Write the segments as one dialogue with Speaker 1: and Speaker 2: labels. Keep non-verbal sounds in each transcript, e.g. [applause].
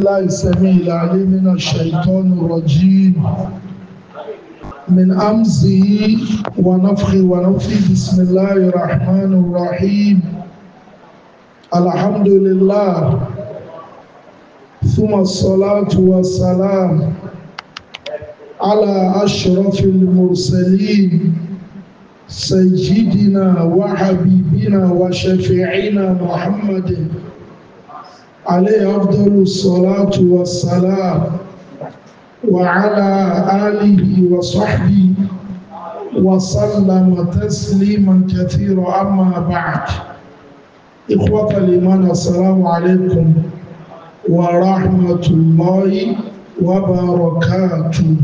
Speaker 1: الله السميع العليم من الشيطان الرجيم من أمزه ونفخه ونفخه بسم الله الرحمن الرحيم الحمد لله ثم الصلاة والسلام على أشرف المرسلين سيدنا وحبيبنا وشفيعنا محمد محمد عليه أفضل الصلاة والسلام وعلى آله وصحبه وسلم تسليما كثيرا أما بعد إخوة الإيمان السلام عليكم ورحمة الله وبركاته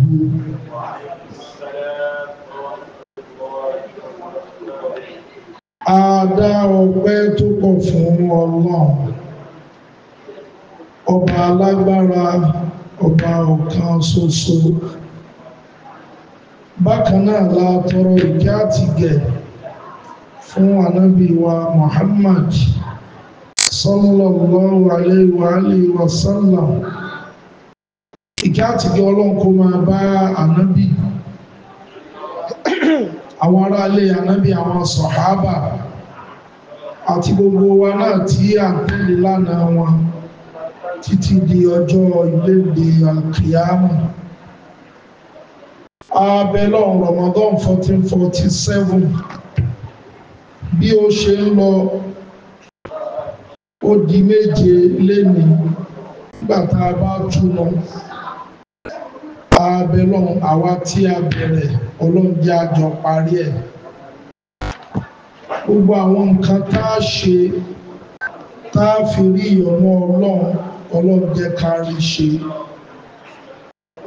Speaker 1: Adá ọpẹ́ tó kọ̀ fún Ọlọ́run. ọba alágbára ọba ọ̀kan ṣoṣo bákan náà la tọrọ ìkẹ́ àtìgẹ̀ fún ànábì wa Muhammad sallallahu alayhi wa alihi wa sallam ma àtìgẹ̀ ọlọ́run kó máa bá ànábì àwọn ará ilé àwọn sọ̀hábà àti gbogbo wa náà tí à ń tẹ̀lé lánàá wọn. títí di ọjọ́ ìlédè alkiyama abẹ́lọ́ Ramadan 1447 bí ó ṣe ń lọ ó di méje léni nígbà tá a bá túnmọ̀ abẹ́lọ́ àwa tí a bẹ̀rẹ̀ ọlọ́njẹ́ àjọ parí ẹ̀ gbogbo àwọn nǹkan tá a ṣe tá a fi rí ìyọ́nú Ọlọ́run ọlọ́run jẹ́ ká rí ṣe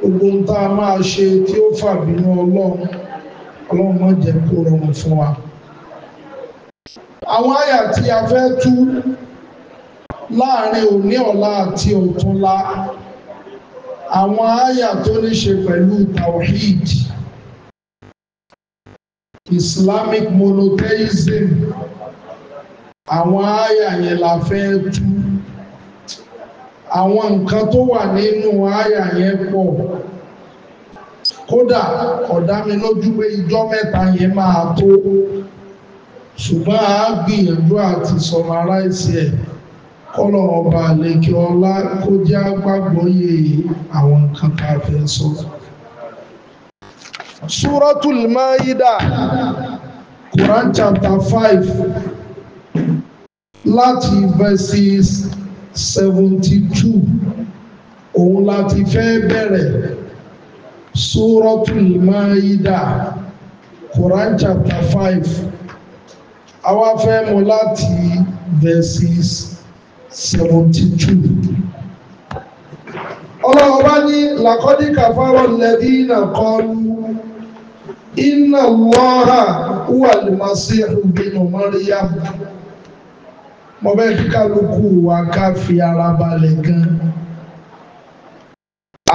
Speaker 1: gbogbo tá a máa ṣe tí ó fàbínú ọlọ́run ọlọ́run má jẹ́ kó rọrùn fún wa. àwọn àyà tí a fẹ́ tú láàrin òní ọ̀la àti ọ̀túnla àwọn àyà tó ní ṣe pẹ̀lú tawhid Islamic monotheism àwọn àyà yẹn la fẹ́ tú àwọn nǹkan tó wà nínú àyà yẹn pọ̀ kódà ọ̀dá pé ijọ́ mẹ́ta yẹn máa tó ṣùgbọ́n a gbìyànjú àti sọmaráìsì ẹ̀ kọ́lọ̀ ọba àlekè ọlá kó jẹ́ agbágbọ́ yé àwọn nǹkan tá fẹ́ sọ. Suratul Maida Quran chapter five láti verses seventy two òun la ti fẹ́ bẹ̀rẹ̀ suratul maida quran chapter five àwa fẹ́ mọ̀ láti verses seventy two ọlọ́wọ́ bá ní làkọ́dí kàfárọ̀ lẹ́bí nàkọ́lù inna Allaha wà lè máa sí ẹ̀rù mo fẹ́ kí kálukú wa ká fi ara balẹ̀ gan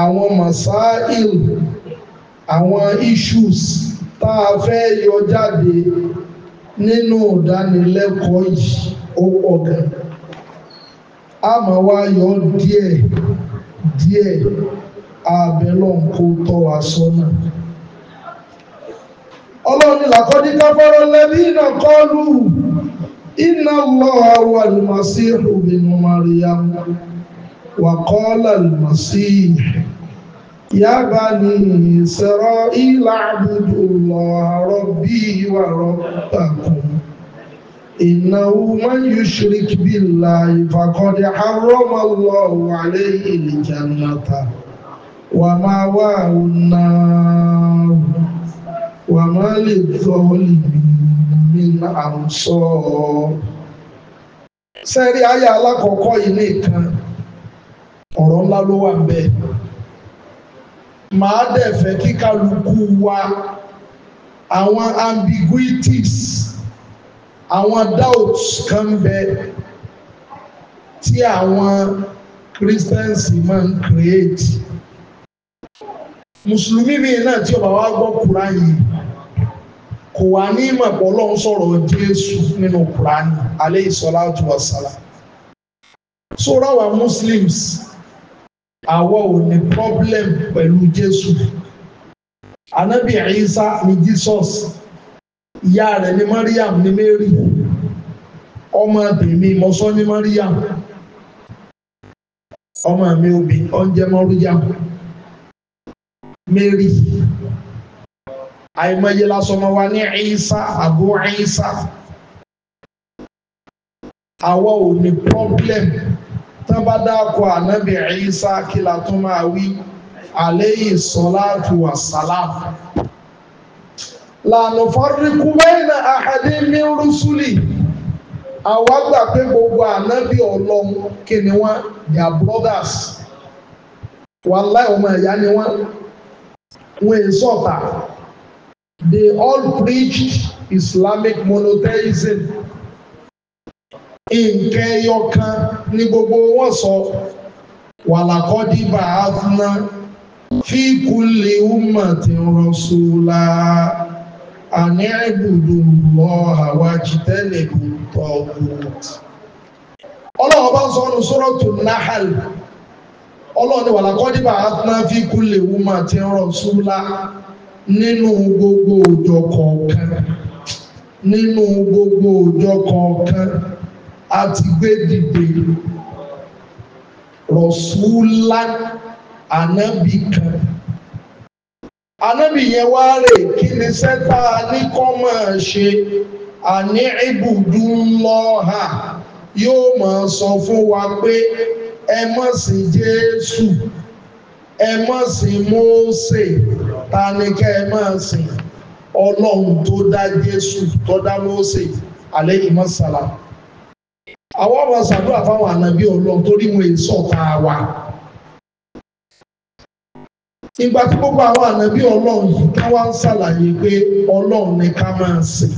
Speaker 1: àwọn masail àwọn issues tá a fẹ́ yọ jáde nínú ìdánilẹ́kọ̀ọ́ yìí ó pọ̀ gan a máa wá yọ díẹ̀ díẹ̀ abẹ́lọ́ kó tọ́ wa sọ́nà. ọlọ́run làkọ́dí káfọ́rọ́ lẹ́bí náà kọ́ lù inna Allaha wal masihu ibnu Maryam wa qala al masih ya bani isra'ila a'budullaha rabbi wa rabbakum إنه من يشرك بالله فقد حرم الله عليه الجنة ومأواه النار وما للظالمين àmúṣọ sẹ́rí ayé alákọ̀ọ́kọ́ yìí nìkan ọ̀rọ̀ ńlá ló wà bẹ́ẹ̀ màá dẹ̀ fẹ́ kí kálukú wa àwọn ambiguities àwọn doubts kan bẹ tí àwọn Christians máa ń create mùsùlùmí mi náà tí ọba wa gbọ́ kúrá yìí kò wá ní ìmọ̀ pé ọlọ́run sọ̀rọ̀ jésù nínú kùránì alayhi salatu wassalam so ráwa muslims àwa ò ní problem pẹ̀lú jésù anabi isa ni jesus ìyá rẹ̀ ni mariam ni mary ọmọ tèmi mọ́sọ́ ni mariam ọmọ mi obì ọ̀njẹ́ mariam mary àìmọye lásọmọ wa ní Ìsá àbú Ìsá àwa ò ní problem tán bá dákọ ànábì Ìsá kí la tún máa wí àléyìn sọláàtù wà sàlámù lànà fọ́ríkú bẹ́ẹ̀nà àhàdé ní rúsùlì àwa gbà pé gbogbo ànábì ọlọ́run kí ni wọ́n their brothers wàláì ọmọ ìyá ni wọ́n wọ́n èso ọ̀tá They all preached Islamic monotheism. nke ẹyọ kan ni gbogbo wọn sọ wàlàkọ́dí bàáfúná fi kulli ummatin rasula àní ẹ̀bùdù lọ àwa jìtẹ́lẹ̀ tọ́gùt. ọlọ́run bá ń sọ ọ́nù suratul Nahl ọlọ́run ni wàlàkọ́dí bàáfúná fi kulli ummatin rasula. nínú gbogbo òjò kọ̀ọ̀kan nínú gbogbo òjò kọ̀ọ̀kan a ti gbé dìde rọ̀ṣúlá ànábì kan ànábì yẹn wá rè kí ni sẹ́tà ní ṣe àní ibùdó ńlọ́ha yóò máa sọ fún wa pé ẹ má sìn Jésù ẹ má sìn Mósè ta ni kẹ́ ẹ má sìn ọlọ́run tó dá Jésù tó dá Mósè alayhi salam àwọn ọmọ ṣàdúrà fáwọn ànàbí ọlọ́run torí wọn èso ọ̀tá wa ìgbà tí gbogbo àwọn ànàbí ọlọ́run yìí ká ń ṣàlàyé pé ọlọ́run ni ká máa sìn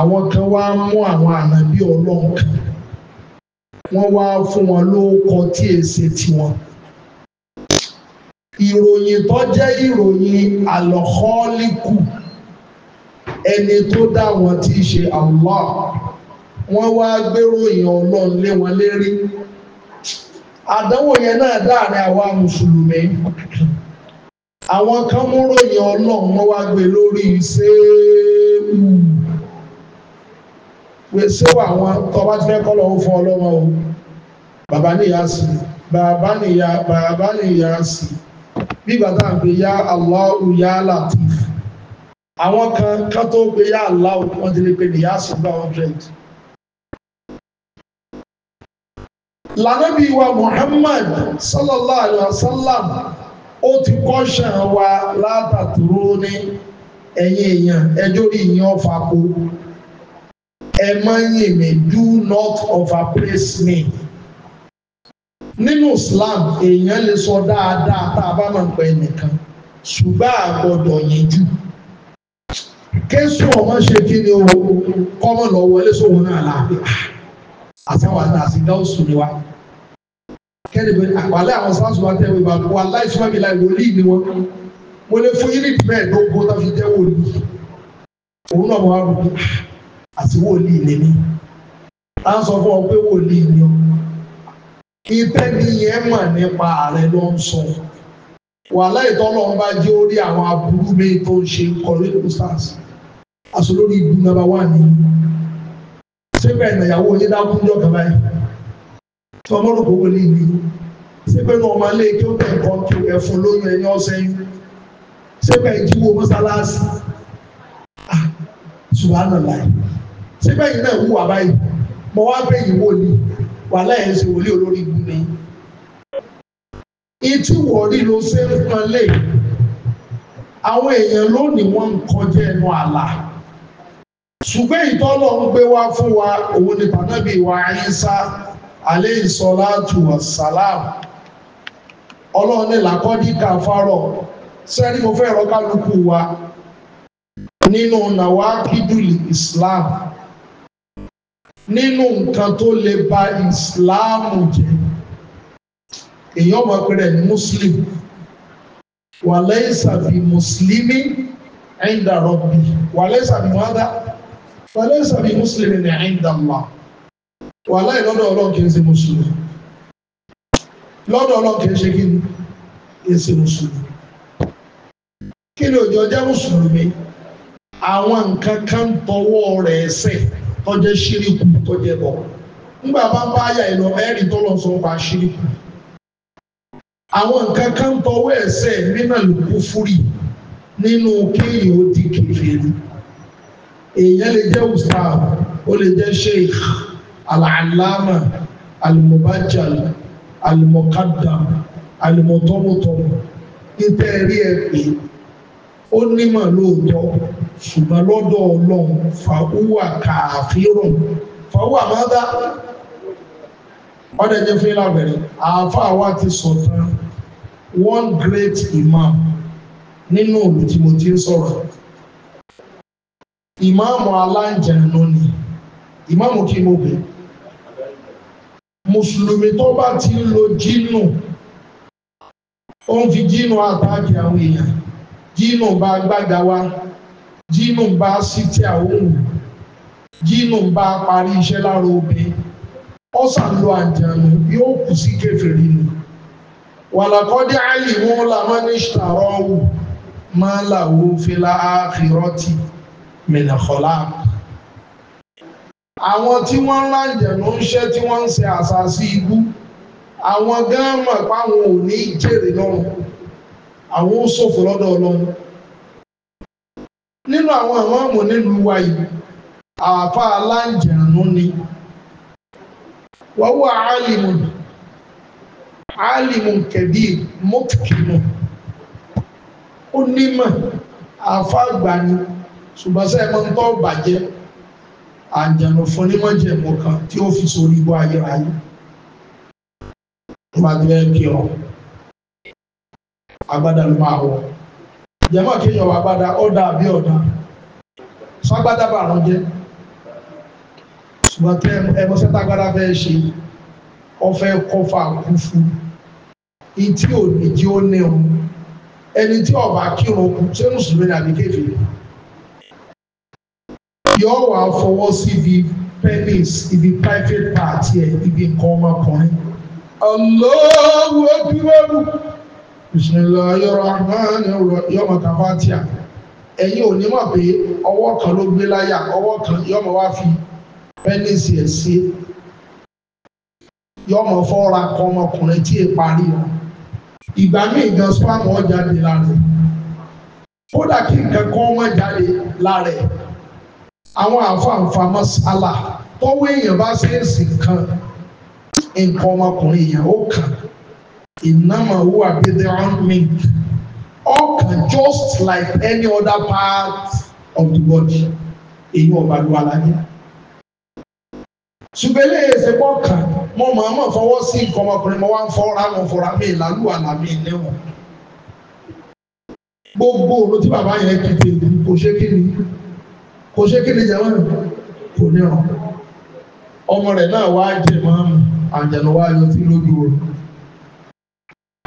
Speaker 1: àwọn kan wá mú àwọn ànàbí ọlọ́run kan wọ́n wá fún wọn lóókọ tí èsì tiwọn ìròyìn tó jẹ́ ìròyìn àlọ́kọ́ọ́líkù ẹni tó dá wọn tí í ṣe Allah wọ́n wá gbéròyìn ọlọ́run lé wọn lérí àdánwò yẹn náà dáàrin àwa mùsùlùmí àwọn kan mú ròyìn ọlọ́run wọ́n wá gbé lórí ṣéèmù pèsè àwọn tó bá ti fẹ́ kọ́ lọ́wọ́ fún ọlọ́wọ́ o bàbá nìyá sí bàbá nìyá bàbá nìyá sí bí bàtà ń pè ya Allahu àwọn kan kan tó pè ya Allahu wọ́n ti lè pè ní ya sùgbà 100 lànàbí wa Muhammad sallallahu alayhi wa sallam ó ti kọ́ṣàn wa látàtúrú ní ẹ̀yìn èèyàn ẹjọ́ rí ìyẹn ọ̀fà kó ẹ máa ń yìn mí do not overpraise me nínú Islam èèyàn lè sọ dáadáa tá a bá máa ń pẹ nìkan ṣùgbọ́n a yẹn jù késùn ọmọ ṣe kí ni o kọ́mọ lọ wọlé sóhun náà láàbí ah, àtàwọn àti àsìgá òsùn ni wa kẹ́lẹ́gbẹ́ àpàlẹ́ àwọn sáàsù wa tẹ́wé bá wà láì sí wábìlà ìwòlíì ni wọn mo lè fún unit mẹ́ẹ̀ẹ́dógún tó fi jẹ́ wòlíì òun náà mo rò pé ah, àti wòlíì lèmi tá à ń sọ fún ọ pé wòlíì ni ọ ìtẹ́ni yẹn mọ̀ nípa ààrẹ ló ń sọ wàhálà ìtọ́lọ́ ń bá jẹ́ orí àwọn aburú mi tó ń ṣe kọ̀ọ̀lẹ́dọ̀ stars aṣọ lórí ibu nàbà wà ní síbẹ̀ ìnáyàwó yẹn dákún jọ kàbá yìí tí ọmọ rò kó wọlé ìlú síbẹ̀ náà ọmọ alẹ́ kí ó tẹ̀ nǹkan kí ẹ̀fọn lóyún ẹ̀yìn ọ̀sẹ̀ yìí síbẹ̀ ìjíwò mọ́sálásí ṣùgbọ́n àná láì síbẹ̀ yìí náà wù wà báyìí mọ̀ wá bẹ́yìí wò ni. wà láyé ṣe wòlé olórí ibu mi. ìtú wọ̀rí ló ṣe ń pọn lé àwọn èèyàn lónìí wọ́n ń kọjá ẹnu àlà ṣùgbọ́n ìtọ́lọ̀ ń gbé wá fún wa òun ni bànábì wa Ìsá alayhi salatu wassalam ọlọ́run ní làkọ́dí kàfárọ̀ sẹ́ni mo fẹ́ rọ́kálukú wa nínú nàwákídùl Islam. nínú nǹkan tó lè ba ìsìláàmù jẹ́ èèyàn máa pè rẹ̀ ní muslim wàlẹ́ ìsàbí mùsùlùmí ẹ̀ńdà rọ̀bì wàlẹ́ ìsàbí mọ́dá wàlẹ́ ìsàbí mùsùlùmí ní ẹ̀ńdà mọ́ wàlẹ́ ìlọ́dọ̀ ọlọ́run kìí ṣe mùsùlùmí lọ́dọ̀ ọlọ́run kìí ṣe kìí ṣe mùsùlùmí kí ni òjò jẹ́ mùsùlùmí àwọn nǹkan kan tọwọ́ rẹ̀ ẹ̀sẹ̀ tọ́jẹ́ ṣíríkù tọ́jẹ́ bọ̀ nígbà bá bá àyà ìlọ ẹ̀rí tọ́lọ̀ sọ pa ṣíríkù àwọn nǹkan kan tọwọ́ ẹ̀sẹ̀ mínà lùkú fúrì nínú kéèyàn ó di kèfèrí èèyàn lè jẹ́ ustaz ó lè jẹ́ sheikh alàlámà alimobajal alimokadam alimotọmọtọmọ nítorí ẹ pé ó nímọ̀ lóòótọ́ ṣùgbọ́n lọ́dọ̀ ọlọ́run fàwúwà kàfírùn fàwúwà máa dá ọdẹ jẹ fún ilá bẹ̀rẹ̀ àáfàá wa ti sọtàn one great imam nínú òlù sọ̀rọ̀ ìmáàmù aláǹjẹ̀nu ni ìmáàmù kí mo bẹ̀ mùsùlùmí tó bá ti ń lo jínù ó ń fi jínù àtàkì àwọn èèyàn jínù bá gbága wa jínù bá sí tí àwọn òun jínù bá parí iṣẹ́ lára obìnrin ó sàlọ àjànù yóò kù sí kèfèrí ni wàlàkọ́dé àìlèmú lamánìṣtàrọ́ wù máa làwọ fìlà àfìrọ́tì mìnàkọ́lá. àwọn tí wọ́n ń lájànù ń ṣẹ́ tí wọ́n ń ṣe àṣà sí ibú àwọn gán mọ̀ páwọn ò ní jèrè lọ́rùn àwọn ó ṣòfò lọ́dọ̀ ọlọ́run nínú àwọn àwọn ọmọ nílùú wa yìí àfa aláǹjẹ̀nù ni wọ́n wà álìmù álìmù kẹ̀bí mọ́kìmù ó nímọ̀ àfa àgbà ni ṣùgbọ́n sẹ́yìn máa ń tọ́ bàjẹ́ àǹjẹ̀nù fún onímọ̀jẹ̀mọ̀ kan tí ó fi sórí ibú ayérayé gbàgbé agbádàlú máa wọ̀ jẹ́mọ́ kéèyàn wà gbada ọ̀dà àbí ọ̀dà sọ́gbádà bàrán jẹ́ ṣùgbọ́n tẹ́ ẹmọ́sẹ́ tágbára fẹ́ ṣe ọfẹ́ kọfà kú fún ìtí òní jí ó ní òun ẹni tí ọba kírun kú ṣé mùsùlùmí ni àbí kéfì wà fọwọ́ sí ibi penis ibi private part yẹ ibi nǹkan ọmọkùnrin. Allahu Akbar bismillahirrahmanirrahim ẹ̀yin ò ní mọ̀ pé ọwọ́ kan ló gbé láyà ọwọ́ kan yọmọ wá fi pẹ́nísì ẹ̀ sí yọmọ fọ́ra kọ ọmọkùnrin tí è parí wọn ìgbà míì gan spam ọ jáde lára kódà kí nǹkan kan ọmọ jáde lára àwọn àfàǹfà Inama who are be the me, ọkàn just like any other part of the body èyí ọba lu alájẹ ṣùgbẹ́lẹ̀ ẹ̀sẹ̀ kọ̀ọ̀kan mo máa ma fọwọ́ sí nǹkan ọmọkùnrin mo wá ń fọ́ra mo fọ́ra mi ìlàlú àlàmì ìlẹ́wọ̀n gbogbo òru tí bàbá yẹn ti tè kò ṣe kí ni kò ṣe kí ni jẹ́wọ́n kò ní ọ̀rọ̀ ọmọ rẹ̀ náà wá jẹ̀ máa mú àjẹ̀nù wá yọ sí lójú oorun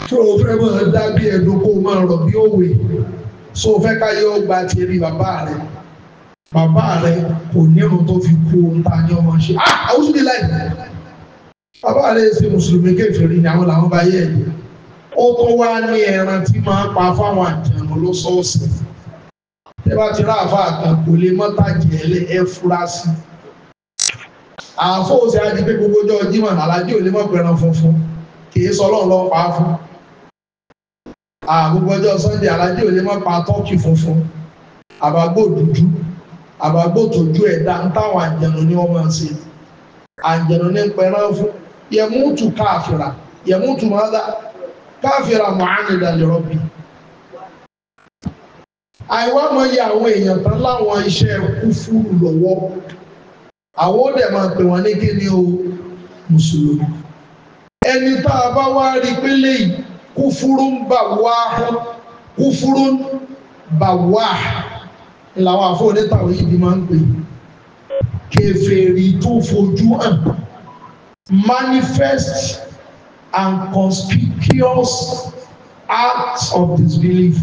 Speaker 1: tí o fẹ́ máa dá bí ẹnu kó o máa rọ̀ bí òwe so o fẹ́ ká yọ ọgbà tí bàbá rẹ bàbá rẹ kò ní irun tó fi kú ohun tá a ní ọmọ ṣe ah àwùjọ mi láì bàbá rẹ ṣe mùsùlùmí kèfèrí ni àwọn làwọn bá yẹ ẹ̀jẹ̀ ó kọ́ wá ní ẹran tí máa ń pa fáwọn àjẹmọ́ lọ́sọ̀ọ̀sẹ̀ tẹ́ bá ti ráàfà kan kò lè mọ́tàjì ẹlẹ́ ẹ fura sí i àfọ́ òsè àdìpé gbogbo ọjọ́ Jímọ̀ àlájì ò lè mọ̀ pẹ̀ràn funfun kì í sọ ọlọ́run lọ́pàá fún un àgbogbo ọjọ́ sunday alájẹ́ òde má pa tọ́kì funfun àbágbó dúdú àbágbó tójú ẹ̀dá ń táwọn àjẹnu ní ọmọ ṣe àjẹnu ní pẹran fún yẹmútu káàfìrà yẹmútu mọ́dá káàfìrà mọ́ánìdá lè rọ́bì. àìwá mọ iye àwọn èèyàn tán láwọn iṣẹ́ kúfúrú lọ́wọ́ àwọn ó dẹ̀ máa pè wọ́n ní kíni o mùsùlùmí ẹni tá a bá wá rí pélé yìí kúfúrún bàwáhùn kúfúrún bàwáh làwọn àfọwọ́dé tàwọn ibi máa ń pè kèfèrí tó fojú hàn manifest and conspicuous acts of disbelief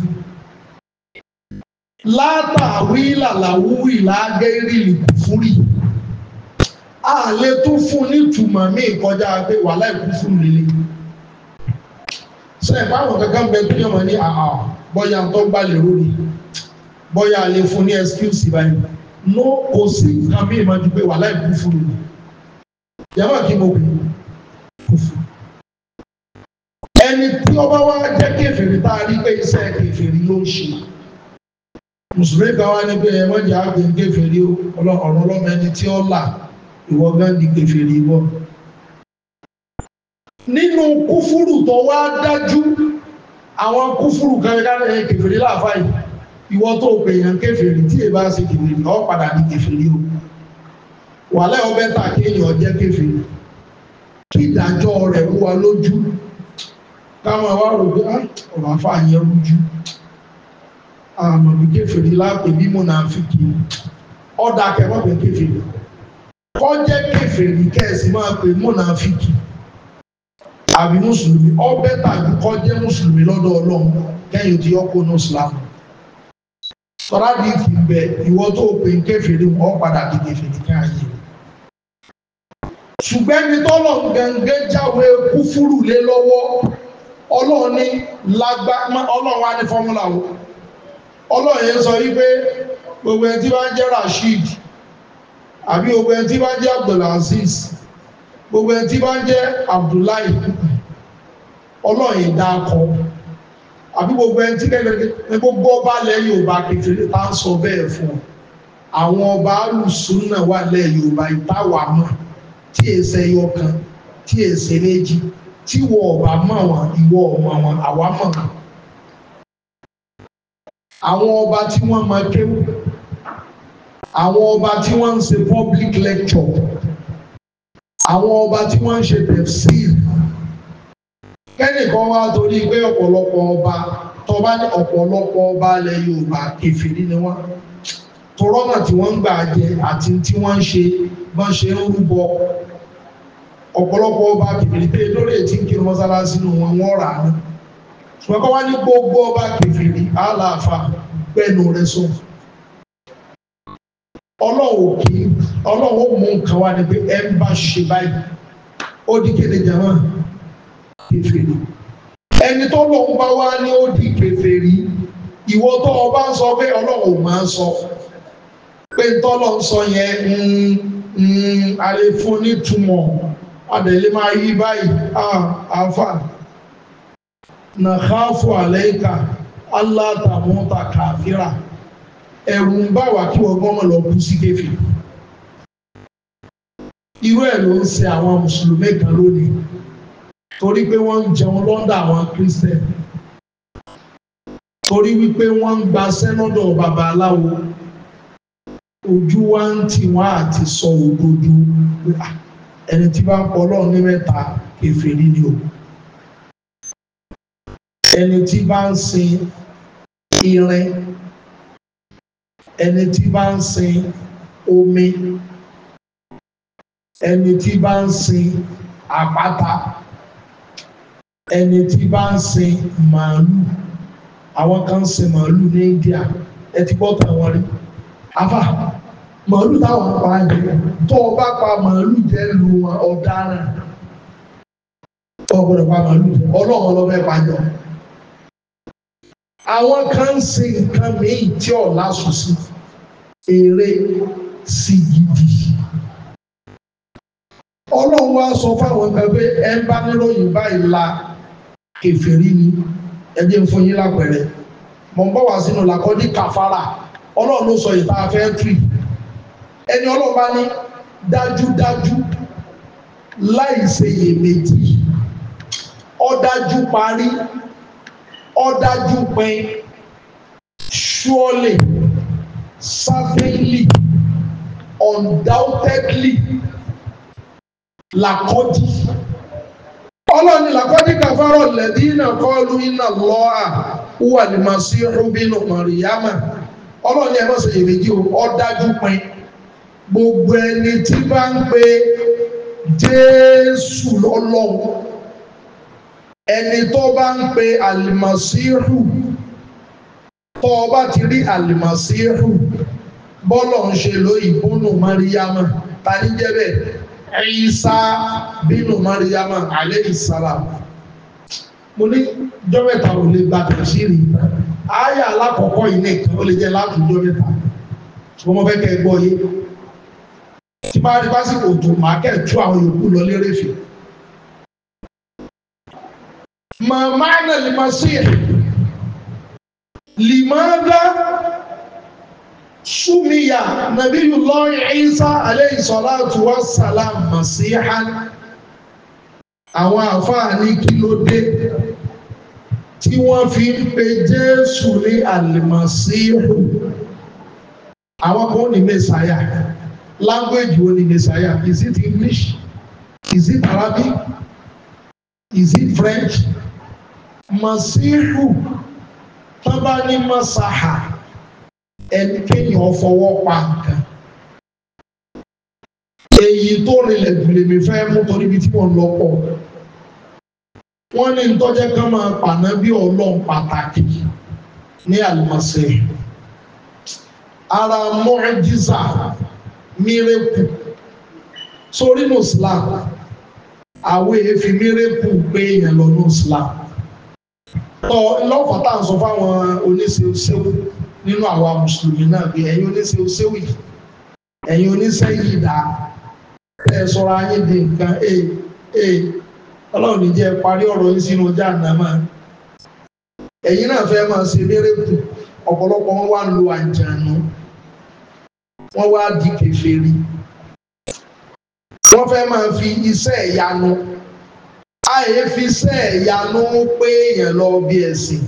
Speaker 1: látàwí làlàwúwì lágẹ́rì lìkúfúrì a lè tún fún nítumọ̀ míì kọjá pé wàhálà ìkúfúrì lélẹ́yìn ṣe ìbáwọn kankan bẹ tó yọmọ ní àhà bọ́yá tó gbà lérò ni bọ́yá lè fún ní excuse báyìí no kò sí nǹkan bí ìmọ̀ ju pé wà láì kú fún mi yàrá kí mo bì kú fún ẹni tí ọba wa jẹ́ kèfèrí tá a rí pé iṣẹ́ kèfèrí ló ń ṣe mùsùlùmí kan wá ní pé ẹ mọ̀jà àgbẹ̀ ẹni tí ó là ìwọ gán di kèfèrí wọ́n nínú kúfúrù tó wá dájú àwọn kúfúrù kan ẹ kèfèrè láàfáì ìwọ tó pè yàn kèfèrè tí èbá ṣe kèfèrè ọ padà ní kèfèrè o wà lẹ́ ọbẹ̀ kéèyàn jẹ́ kèfèrè kí ìdájọ́ rẹ̀ mú wa lójú káwọn wá rò pé ah, ọ̀rọ̀ àfáà yẹn rújú àmọ̀bí kèfèrè láàpẹ̀ bí mo náà fi kì í ọ̀dà kẹfọ́ bẹ̀ kèfèrè kọ́ jẹ́ kèfèrè kẹ́ẹ̀sì máa pè mo náà fi kì àbí mùsùlùmí ọbẹ̀ tàbí kọ́ jẹ́ mùsùlùmí lọ́dọ̀ ọlọ́run kẹ́yìn tí ọkọ̀ náà islam sọ́ra di ìfìgbẹ́ ìwọ tó pe ń kéfèrè wọn padà di kéfèrè ní ayé ṣùgbọ́n ẹni tọ́lọ̀ gẹ̀ǹgẹ̀ jáwé kúfúrú lé lọ́wọ́ ọlọ́run ní lágbá ọlọ́run wá ní fọ́múlà wo ọlọ́run yẹn sọ wípé gbogbo ẹni tí bá ń jẹ́ Rashid àbí gbogbo ẹni tí bá ń jẹ́ Abdulaziz gbogbo ẹni tí bá ń jẹ́ Abdullahi ọlọ́run ìdá kọ àbí gbogbo ẹni tí kẹ́kẹ́ gbogbo ọba alẹ́ Yorùbá kékeré bá ń sọ bẹ́ẹ̀ fún ọ àwọn ọba alùsùn náà wà lẹ́ Yorùbá ìtawà mọ̀ tí èsè yọ kan tí èsè méjì tí wọ ọba mọ̀ wọn ìwọ ọmọ wọn àwa mọ̀ wọn. àwọn ọba tí wọ́n máa kéwù àwọn ọba tí wọ́n ń ṣe public lecture àwọn ọba tí wọ́n ń ṣe tẹ̀síìl kẹ́nìkan wá torí pé ọ̀pọ̀lọpọ̀ ọba tọba ní ọ̀pọ̀lọpọ̀ ọba ilẹ̀ Yorùbá kẹfìrí ni wọ́n tọrọ́nà tí wọ́n ń gbà jẹ àti tí wọ́n ń ṣe wọ́n ṣe ń rúbọ ọ̀pọ̀lọpọ̀ ọba kẹfìrí pé lórí ètí ń kiri mọ́sálásí nù wọn wọ́n rà á ní ṣùgbọ́n kọ́ ní gbogbo ọba kẹfìrí aláàfà gbẹ́nu rẹ̀ sọ̀rọ̀ ọlọ́wọ́ kì í ọlọ́wọ́ mú nǹkan wá ní pé ẹ ń bá ṣe báyìí ó di kéde jàmá kèfèrí ẹni tó lọ́n bá wá ní ó di kèfèrí ìwọ tó o bá ń sọ pé ọlọ́wọ́ máa ń sọ pé tọ́lọ̀ ń sọ yẹn mm, mm, alẹ́ fún nítumọ̀ adẹ̀lẹ́ máa yí báyìí ah, àáfà nàkàfọ̀ àlẹ́ ìka aláàtàmúta kàfírà ẹ̀rù ń bá wà kí ọgbọ́n mọ̀ lọ bú sí kéfì irú ẹ̀ ló ń ṣe àwọn mùsùlùmí kan lónìí torí pé wọ́n ń jẹun lọ́ndà àwọn Christian torí wípé wọ́n ń gba sẹ́nọ́dọ̀ bàbá aláwo ojú wa ń tì wọ́n àti sọ òdodo ẹni tí bá ń pọ̀ lọ́ọ̀ ní mẹ́ta kèfèrí ni o ẹni tí bá ń sin irin ẹni tí bá ń sin omi ẹni tí bá ń sin àpáta ẹni tí bá ń sin màálù àwọn kan ń sin màálù ní India ẹ ti gbọ́ tàwọn rí afa màálù táwọn pa jẹ tó o bá pa màálù jẹ lu ọ̀daràn ọgbọ́dọ̀ pa màálù jẹ ọlọ́run ọlọ́fẹ́ pa jọ àwọn kan ń ṣe nǹkan mìíràn tí ọ̀la sùn sí eré sí gidi ọlọ́run wá sọ fáwọn kan pé ẹ ń bá níròyìn báyìí la kèfèrí ni ẹ jẹ́ ń fún yín lápẹ̀rẹ̀ mọ̀ ń bọ̀ wá sínú làkọ́ ní kàfàrà ọlọ́run ló sọ ìta fẹ́ tù ẹni ọlọ́run bá ní dájúdájú láì ṣe iyèméjì ọ̀dájú parí ọ̀dájú pé surely certainly undoubtedly làkọ́dí ọlọ́ni làkọ́dí kàfárọ̀ lẹ́dínà kọ́lu iná lọ́à wà ní masihu bínú màríyámà ọlọ́ni ẹ̀ mọ̀sẹ̀ ìrèjì ọ̀dájú pé gbogbo ẹni tí bá ń pe Jésù lọ́lọ́run ẹni tó bá ń pe àlìmọ̀síhù tó o bá ti rí àlìmọ̀síhù bọ́lọ̀ ń ṣe lóyìnbó nù mọ́ríyámà ta ní jẹ́ bẹ́ẹ̀ Ìsá bínú mọ́ríyámà alayhi salam mo ní jọ́mẹ́ta ò lè gba tẹ̀síìrì ìtàn ayé alákọ̀ọ́kọ́ yìí nìkan ó lè jẹ́ láti jọ́mẹ́ta ṣùgbọ́n mo fẹ́ kẹ́ ẹ gbọ́ yé tí bá rí básìkò tó máa kẹ́ ẹ̀ tú àwọn yòókù lọ lérè fèé. ما معنى المسيح لماذا سمي نبي الله عيسى عليه الصلاة والسلام مسيحا àwọn àfáà ní kí ló dé tí wọ́n fi ń pe Jésù ní àlìmọ̀síhù àwọn kan ní mẹ́sàáyà language wo ni mẹ́sàáyà is it English is it Arabic is it French masihu tabani masaha ẹni kéèyàn fọwọ́ pa nǹkan èyí tó rinlẹ̀ gbùlèmí fẹ́ mú torí ibi tí wọ́n lọ pọ̀ wọ́n ní ntọ́jẹ́ kan máa pàná bí ọlọ́run pàtàkì ní àlùmọ̀sẹ̀ ara mọ́ẹ́jísà mírèkù sórí nù Islam àwọn èéfì mírèkù gbé èèyàn lọ nù Islam tọ́ lọ́fà tá à ń sọ fáwọn oníṣẹ́wọ́sẹ́wọ́ nínú àwa mùsùlùmí náà pé ẹ̀yin oníṣẹ́wọ́sẹ́wọ́ yìí ẹ̀yin oníṣẹ́yìí dá ẹ sọ̀rọ̀ ayé di nǹkan ee ee ọlọ́run ní jẹ́ parí ọ̀rọ̀ yín sínú ọjà àdámà ẹ̀yin náà fẹ́ máa ṣe mérekù ọ̀pọ̀lọpọ̀ wọn wá lo àjànú wọn wá di kèfèrí wọn fẹ́ máa fi iṣẹ́ ìyanu àìfisẹ́ ìyanu pé èèyàn lọ bí ẹ̀sìn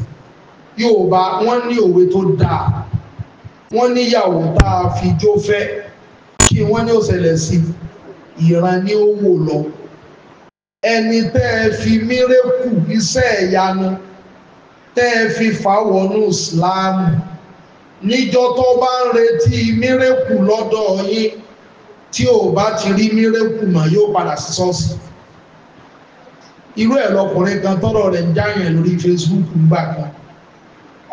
Speaker 1: Yorùbá wọ́n ní òwe tó dáa wọ́n níyàwó tá a fi jó fẹ́ kí wọ́n ní òṣèlè sí ìran ní ó wò lọ ẹni tẹ́ ẹ fi mírèkù iṣẹ́ ìyanu tẹ́ ẹ fi fà wọnú Islam níjọ́ tó bá ń retí mírèkù lọ́dọ̀ yín tí ò ti rí mírèkù mọ́ yóò padà sí ṣọ́ọ̀ṣì irú ẹ̀ lọkùnrin kan tọ́rọ̀ rẹ̀ ń jáyàn lórí Facebook ńgbà kan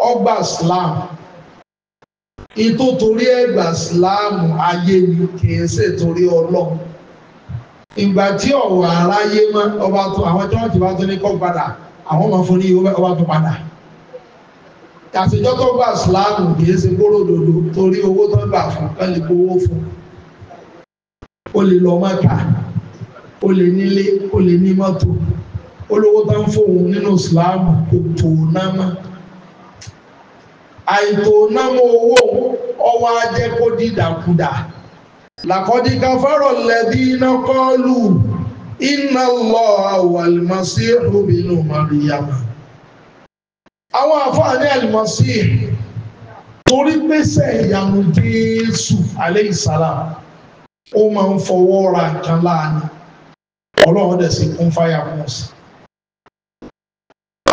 Speaker 1: ọgbà Islam ètò torí ẹgbà Islam ayé ni kìí ṣe torí Ọlọ́run ìgbà tí ọ̀wọ̀ aráyé mọ́ ọba tó àwọn chọ́ọ̀tì bá tó ní kọ́ padà àwọn ọmọ fún ní ọba tó padà àtijọ́ tó gbà Islam kìí ṣe kóró dòdò torí owó tó ń gbà fún ẹ lè fún o lè lọ mọ́ta o lè nílé o lè ní mọ́tò olówó tá ń fóun nínú Islam kò tó náà mọ́ àìtò náà mọ́ owó ọwọ́ ajẹ́ kó dídàkudà làkọ́dí káfárọ̀ lẹ́bí iná kọ́ọ̀lù iná lọ àwọn àlùmọ́sí ìrúbìnú màríyàmà àwọn àfáàní àlùmọ́sí torí pèsè ìyanu Jésù aléìsàlá ó máa ń fọwọ́ ra nǹkan láàánú ọlọ́run dẹ̀ sì kún fáyà mọ́sí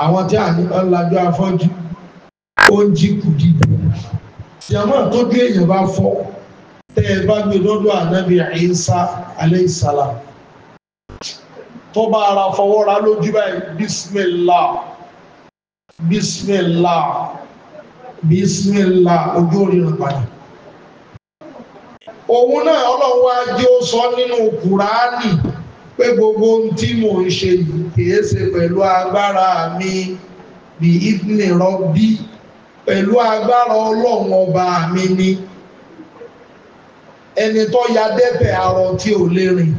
Speaker 1: àwọn tí a ní ọ̀làjọ afọ́jú ó ń jí kùdí ìyàmọ́ tó gé èèyàn bá fọ́ tẹ́ ẹ bá gbé lọ́dọ̀ ànábì Ìsá aláìsàlá tó bá ara fọwọ́ra lójú báyìí bísmìlá bísmìlá bísmìlá ojú òrìrìn padà òun náà ọlọ́run wá ó sọ nínú Kùránì pé gbogbo ohun tí mò ń ṣe yìí kìí ṣe pẹ̀lú agbára mi bí ìdílé rọ́bí pẹ̀lú agbára ọlọ́run ọba mi ni ẹni tó ya dẹ́bẹ̀ arọ tí ò lè rìn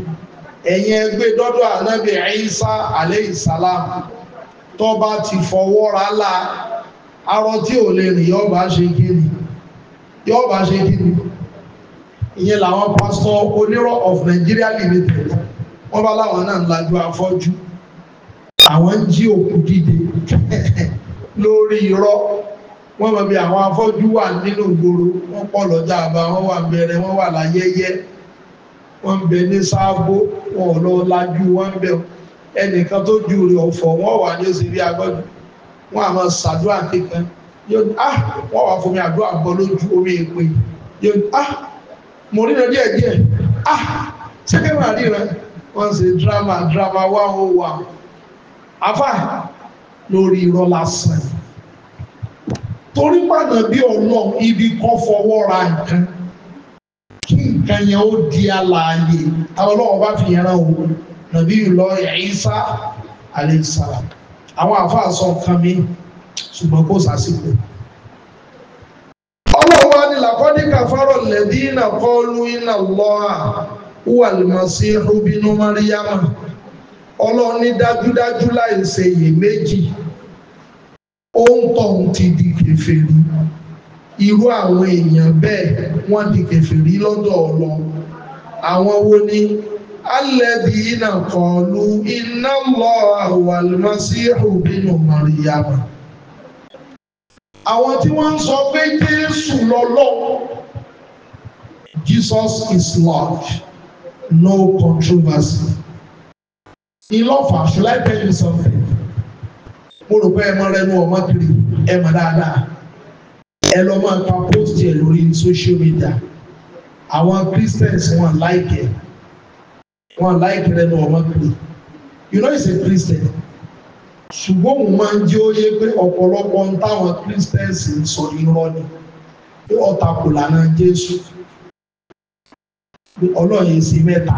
Speaker 1: ẹ̀yin ẹgbẹ́ dọ́dọ̀ ànábì Ìsá alayhi salam tó bá ti fọwọ́ ra la arọ tí ò lè rìn yọba ṣe kiri yọba ṣe kiri ìyẹn làwọn pásítọ̀ onírọ̀ of Nigeria limited wọ́n bá láwọn náà ń lajú afọ́jú àwọn ń jí òkú dìde [laughs] lórí irọ́ wọ́n mọ̀ bí àwọn afọ́jú wà nínú ìgboro wọ́n pọ̀ lọ́jà àbá wọ́n wà bẹ̀rẹ̀ wọ́n wà láyẹ́yẹ́ wọ́n bẹ ní sáàbó wọn ò lọ lajú wọ́n bẹ ẹnìkan tó ju rẹ̀ ọ̀fọ̀ wọ́n wà ní oṣù bí agbọ́dù wọ́n àmọ́ ṣàdúrà kíkan ah! wọ́n wà fún mi àdúrà bọ́ lójú omi èpè yóò ah mo rí lọ díẹ̀ díẹ̀ ah ṣé kẹ́wàá wọ́n ṣe drama drama wá ó wà afá lórí irọ́ lásán torí pàdà bí ọlọ́run ibi kan fọwọ́ ra nǹkan kí nǹkan yẹn ó di alààyè àwọn ọlọ́run bá fi yẹn rán o nàbí ìlọ Ìsá alayhi salam àwọn afá sọ nǹkan mi ṣùgbọ́n kò sásìkò ọlọ́run wa ni làkọ́dí kàfárọ̀ lẹ́dí ìnà kọ́ọ́lù iná lọ́hà wàlùmọ̀síhù bínú mọ́ríyámà ọlọ́run ní dájúdájú láìṣe iyèméjì ó ń tọ̀hún ti di kèfèrí irú àwọn èèyàn bẹ́ẹ̀ wọ́n di kèfèrí lọ́dọ̀ ọ̀lọ́ àwọn wo ni alẹ́bí iná kọlu iná lọ àwàlùmọ́síhù bínú mọ́ríyámà àwọn tí wọ́n ń sọ pé Jésù lọ́lọ́ Jesus is Lord no controversy. Ìlọ́fà should I tell you something? Mo rò pé ẹ máa rẹnu ọmọ kiri ẹ mọ̀ dáadáa. Ẹ lọ máa pa post ẹ lórí social media. Àwọn Christians wọn like ẹ. Wọn like rẹnu ọmọ kiri. You know he's a Christian. Ṣùgbọ́n mo máa ń jẹ́ oyé pé ọ̀pọ̀lọpọ̀ ń táwọn Christians ń sọ irọ́ ni. Pé ọ̀tàkùlà Jésù ọlọ́run yìí sí mẹ́ta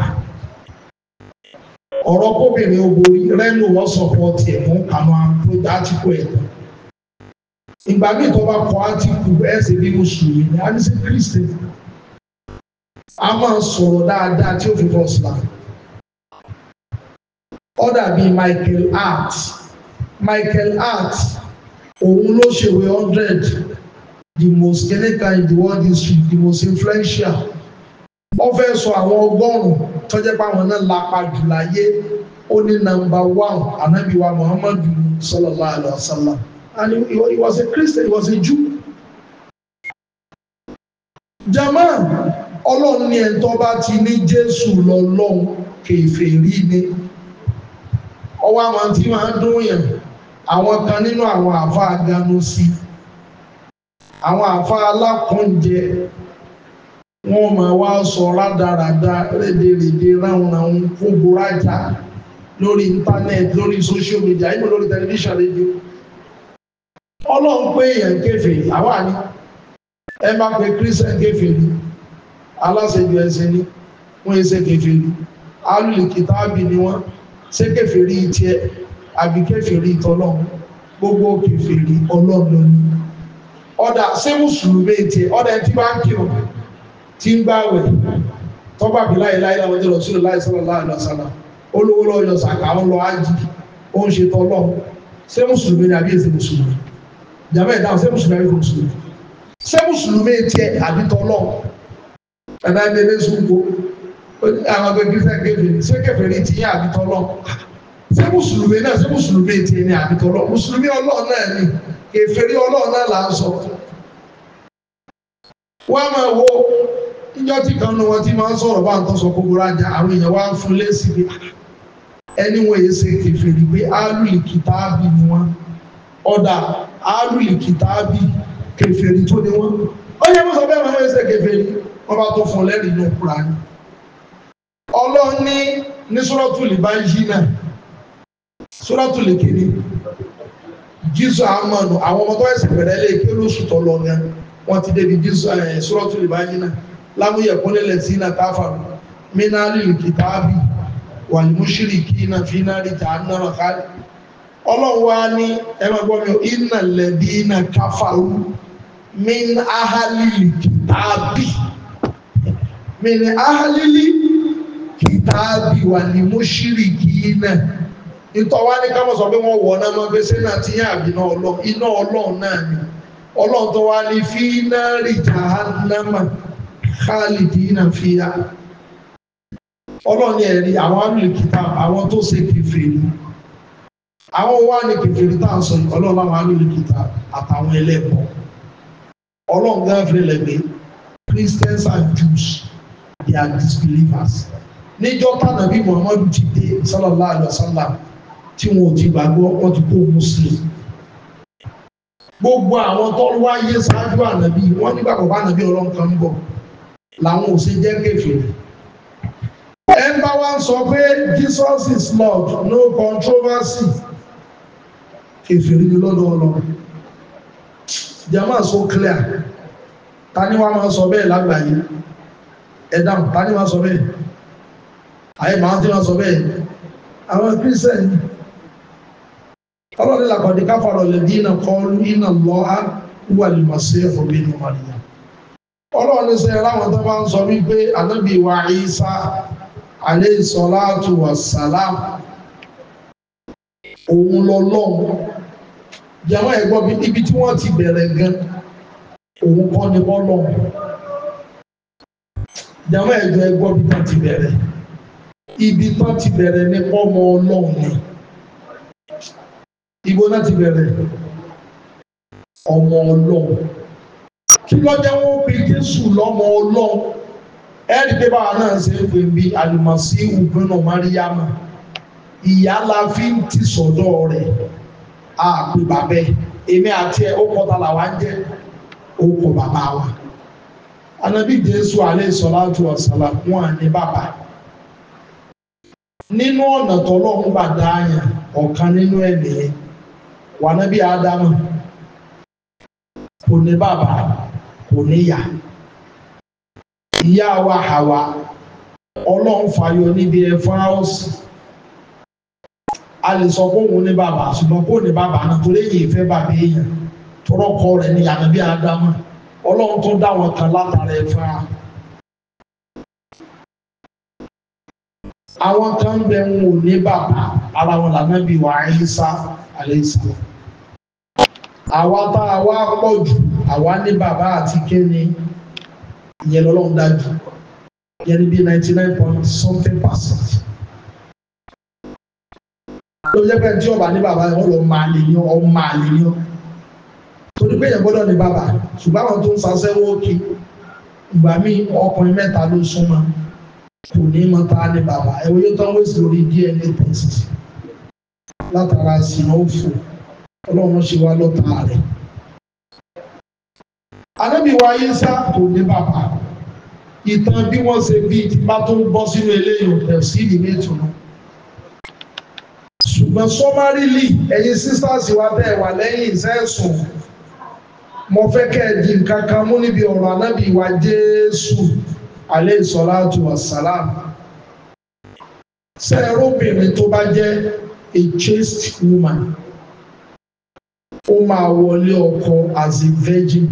Speaker 1: ọ̀rọ̀ kóbìnrin obìnrin rẹ́nu wọ́n sọ̀pọ̀ tiẹ̀ mú àwọn àtìkù ẹ̀ ìgbà míì tó bá kọ àtìkù ẹ̀ ṣe bí mùsùlùmí ni a ní sí kristi a máa sọ̀rọ̀ dáadáa tí ó fi bọ́ sílá ó dàbí Michael Art. Michael Hart òun ló ṣèwé hundred the most clinical in the world history the most influential. ó fẹ́ sọ àwọn ọgọ́rùn-ún tó jẹ́ náà lapa jù ó ní nàmbà muhammadu sallallahu alayhi wa sallam and he, was a christian ọlọ́run ni ẹ̀ńtọ́ ti ní jésù lọ́lọ́run ni ọwọ́ àwọn tí máa ń dún yẹn àwọn kan nínú àwọn àfa aganu sí àwọn àfa alákùnjẹ wọ́n máa wá sọ rádaràda rédèrèdè ráhùnráhùn fún buraja lórí íńtánẹ́ẹ̀tì lórí social media ìmọ̀ lórí tẹlifíṣàn rédíò ọlọ́run pé èèyàn kẹfẹ́ àwa ni ẹ máa pe christian kẹfẹ́ ni aláṣẹjù ẹsẹ ni wọ́n ẹsẹ kẹfẹ́ ni alùlùkìtàbì ni wọ́n ṣé kẹfẹ́ rí tiẹ̀ àbí kẹfẹ́ rí tọ́lọ́run gbogbo kẹfẹ́ rí ọlọ́run ni ọ̀dà ṣé mùsùlùmí tiẹ̀ ọ̀dà ẹ ti bá ń kírun tí ń gbá àwẹ̀ tọ́gbà bí láìláì láwọn jẹ́ lọ́sílò láì sọ́lọ́ láì lọ́sàlá olówó lọ́yọ̀ sàkà ń lọ ájì ó ń ṣe tọ́lọ́ ṣé mùsùlùmí ni àbí èsì mùsùlùmí ìjàmbá ìdáhùn ṣé mùsùlùmí àbí mùsùlùmí ṣé mùsùlùmí tiẹ̀ àbí tọ́lọ́ ẹ̀dá ẹni ẹni sùnkó àwọn ọgbẹ́ bí sẹ́kẹ̀ fèrè ṣé kẹfẹ́ ní tiẹ̀ àbí tọ́lọ́ ṣé mùsùlùmí náà ṣé mùsùlùmí tiẹ̀ ni àbí tọ́lọ́ mùsùlùmí ọlọ́ọ̀ náà ni kẹfẹ́ rí ọlọ́ọ̀ náà là níjọ́ tí kan nu wọn ti máa ń sọ̀rọ̀ bá nǹkan sọ gbogbo rajà àwọn èèyàn wá ń fún lẹ́sìn pé ah, ẹni wọ́n yé ṣe kèfèrí pé áàlùlì kìtàbì ni wọ́n ọ̀dà áàlùlì kìtàbì kèfèrí tó ni wọ́n ó yẹ kó sọ bẹ́ẹ̀ wọ́n yé ṣe kèfèrí wọ́n bá tó fún lẹ́rìí ní òkúra ni. ọlọ́run ní ní sọ́rọ́tùlì bá yí náà sọ́rọ́tùlì kìíní jísù àmọ́nù àwọn ọmọ tó ẹ̀sìn bẹ̀rẹ̀ lè kéré oṣù tó lọ ni wọ́n ti débi jísù sọ́rọ́tùlì bá yí náà lámúyẹ̀ kúnlẹ̀ lẹ̀ sí iná káfà mínárì kìtàbí wàlúmúṣírì kí iná fi iná rí jà ń náà kálí ọlọ́run wá ní ẹgbẹ́ gbọ́ mi iná lẹ̀dí iná káfà rú min ahalili kìtàbí min ahalili kìtàbí kí iná ìtọ́ ní kámọ̀ sọ pé wọ́n wọ̀ náà máa gbèsè náà ti yá àbí náà ọlọ́run iná ọlọ́run náà ni ọlọ́run tó wá ní fi iná khalidina fiha ọlọ́ni ẹ̀rí àwọn alùkìtà àwọn tó ṣe kèfèrí àwọn wà ní kèfèrí tá à ń sọ yìí ọlọ́run àwọn alùkìtà àtàwọn ẹlẹ́bọ ọlọ́run gáfẹ́ lẹ́gbẹ́ Christians and Jews they are disbelievers níjọ́ tànàbí Muhammadu ti dé sallallahu alayhi wa sallam tí wọn ò ti gbàgbọ́ wọn ti kó muslim gbogbo àwọn tó wáyé ṣáájú ànàbí wọn nígbàgbọ́ bá ànàbí ọlọ́run kan ń bọ̀ làwọn ò ṣe jẹ́ kèfèrí ẹ bá wá ń sọ pé Jesus is Lord no controversy kèfèrí ni lọ́dọ̀ Ọlọ́run jama so clear ta ni wàá máa sọ bẹ́ẹ̀ lágbàáyé ẹ dáhùn ta ni wàá sọ bẹ́ẹ̀ àyè màá ti máa sọ bẹ́ẹ̀ àwọn Christian ọlọ́run làkọ̀dé káfàrọ̀ lè dín iná kọ́ iná lọ́ọ́ wà lè mọ̀ sí ọ̀bẹ ní ọmọdé náà ọlọ́run ní sẹ́yìn láwọn tó bá ń sọ wípé ànábì wa Ìsá alayhi salatu wassalam òun lọ́lọ́run jàmọ́ ẹ̀gbọ́n mi níbi tí wọ́n ti bẹ̀rẹ̀ gan òun kọ́ ni bọ́lọ́run jàmọ́ ẹ̀jọ̀ ẹ̀gbọ́n mi tán ti bẹ̀rẹ̀ ibi tán ti bẹ̀rẹ̀ ní ọmọ ọlọ́run ni ibo náà ti bẹ̀rẹ̀ ọmọ ọlọ́run kí lọ́jọ́ wọn pe jésù lọ́mọ ọlọ́run ẹ̀rí pé báwa náà ṣe ń pè bí àlùmọ̀sí ìgbónà máríyámà ìyá la fi ń ti sọ̀dọ̀ rẹ̀ àpè bàbẹ́ èmi àti ẹ̀ ó kọ́ta làwa ń jẹ́ ó kọ́ bàbá wa anabi jésù alẹ́ sọ́láàtù ọ̀sálà wọn à ní bàbá nínú ọ̀nà tọ́lọ́hún bá dáàyà ọ̀kan nínú ẹ̀ wà nábì ádámù kò ní bàbá kò níyà ìyá wa Hawa ọlọ́run fàyọ níbi ẹ̀fọ́ áwọ̀sì a lè sọ pé òun ní bàbá ṣùgbọ́n kò ní bàbá náà torí èyí ìfẹ́ bàbá èèyàn tọrọkọ rẹ̀ ní ànábì Ádámù ọlọ́run tó dá wọn kan látara ẹ̀fọ́ á. àwọn kan bẹ ń wò ní bàbá ara wọn lànà bíi wàá Ìsá alayhi salam àwa tá a wá pọ̀ jù àwa ní bàbá àti kéne ìyẹn lọ́lọ́run dájú ìyẹn ní bí ninety nine point something percent. ló jẹ́ pé tí ọba ní bàbá yẹn wọ́n lọ máa lè yan ọ máa lè yan torí pé èèyàn gbọ́dọ̀ ní bàbá ṣùgbọ́n àwọn tó ń sasẹ́ wọ́ọ̀kì ìgbà míì ọkùnrin mẹ́ta ló súnmọ́ kò ní mọ ta ni bàbá ẹ̀wọ́n yóò tán wéṣì lórí DNA test látara sinọ́ọ̀fù ọlọ́run ṣe wá lọ́ta rẹ̀ ànábì wa Ìsá kò ní bàbá ìtàn bí wọ́n ṣe bí bá tó ń bọ́ sínú eléyìí ọ̀tẹ̀ sí ìdílé ìtura ṣùgbọ́n sọ́márìlì ẹ̀yin sisters wa bẹ́ẹ̀ wà lẹ́yìn ìsẹ́sùn mo fẹ́ kẹ́ ẹ di nǹkan kan mú níbi ọ̀rọ̀ ànábì wa Jésù alẹ́ ìsọ̀láàtù wàsálàm sẹ́ẹ̀rọ́bìnrin tó bá jẹ́ a chaste woman ó máa wọlé ọkọ as a virgin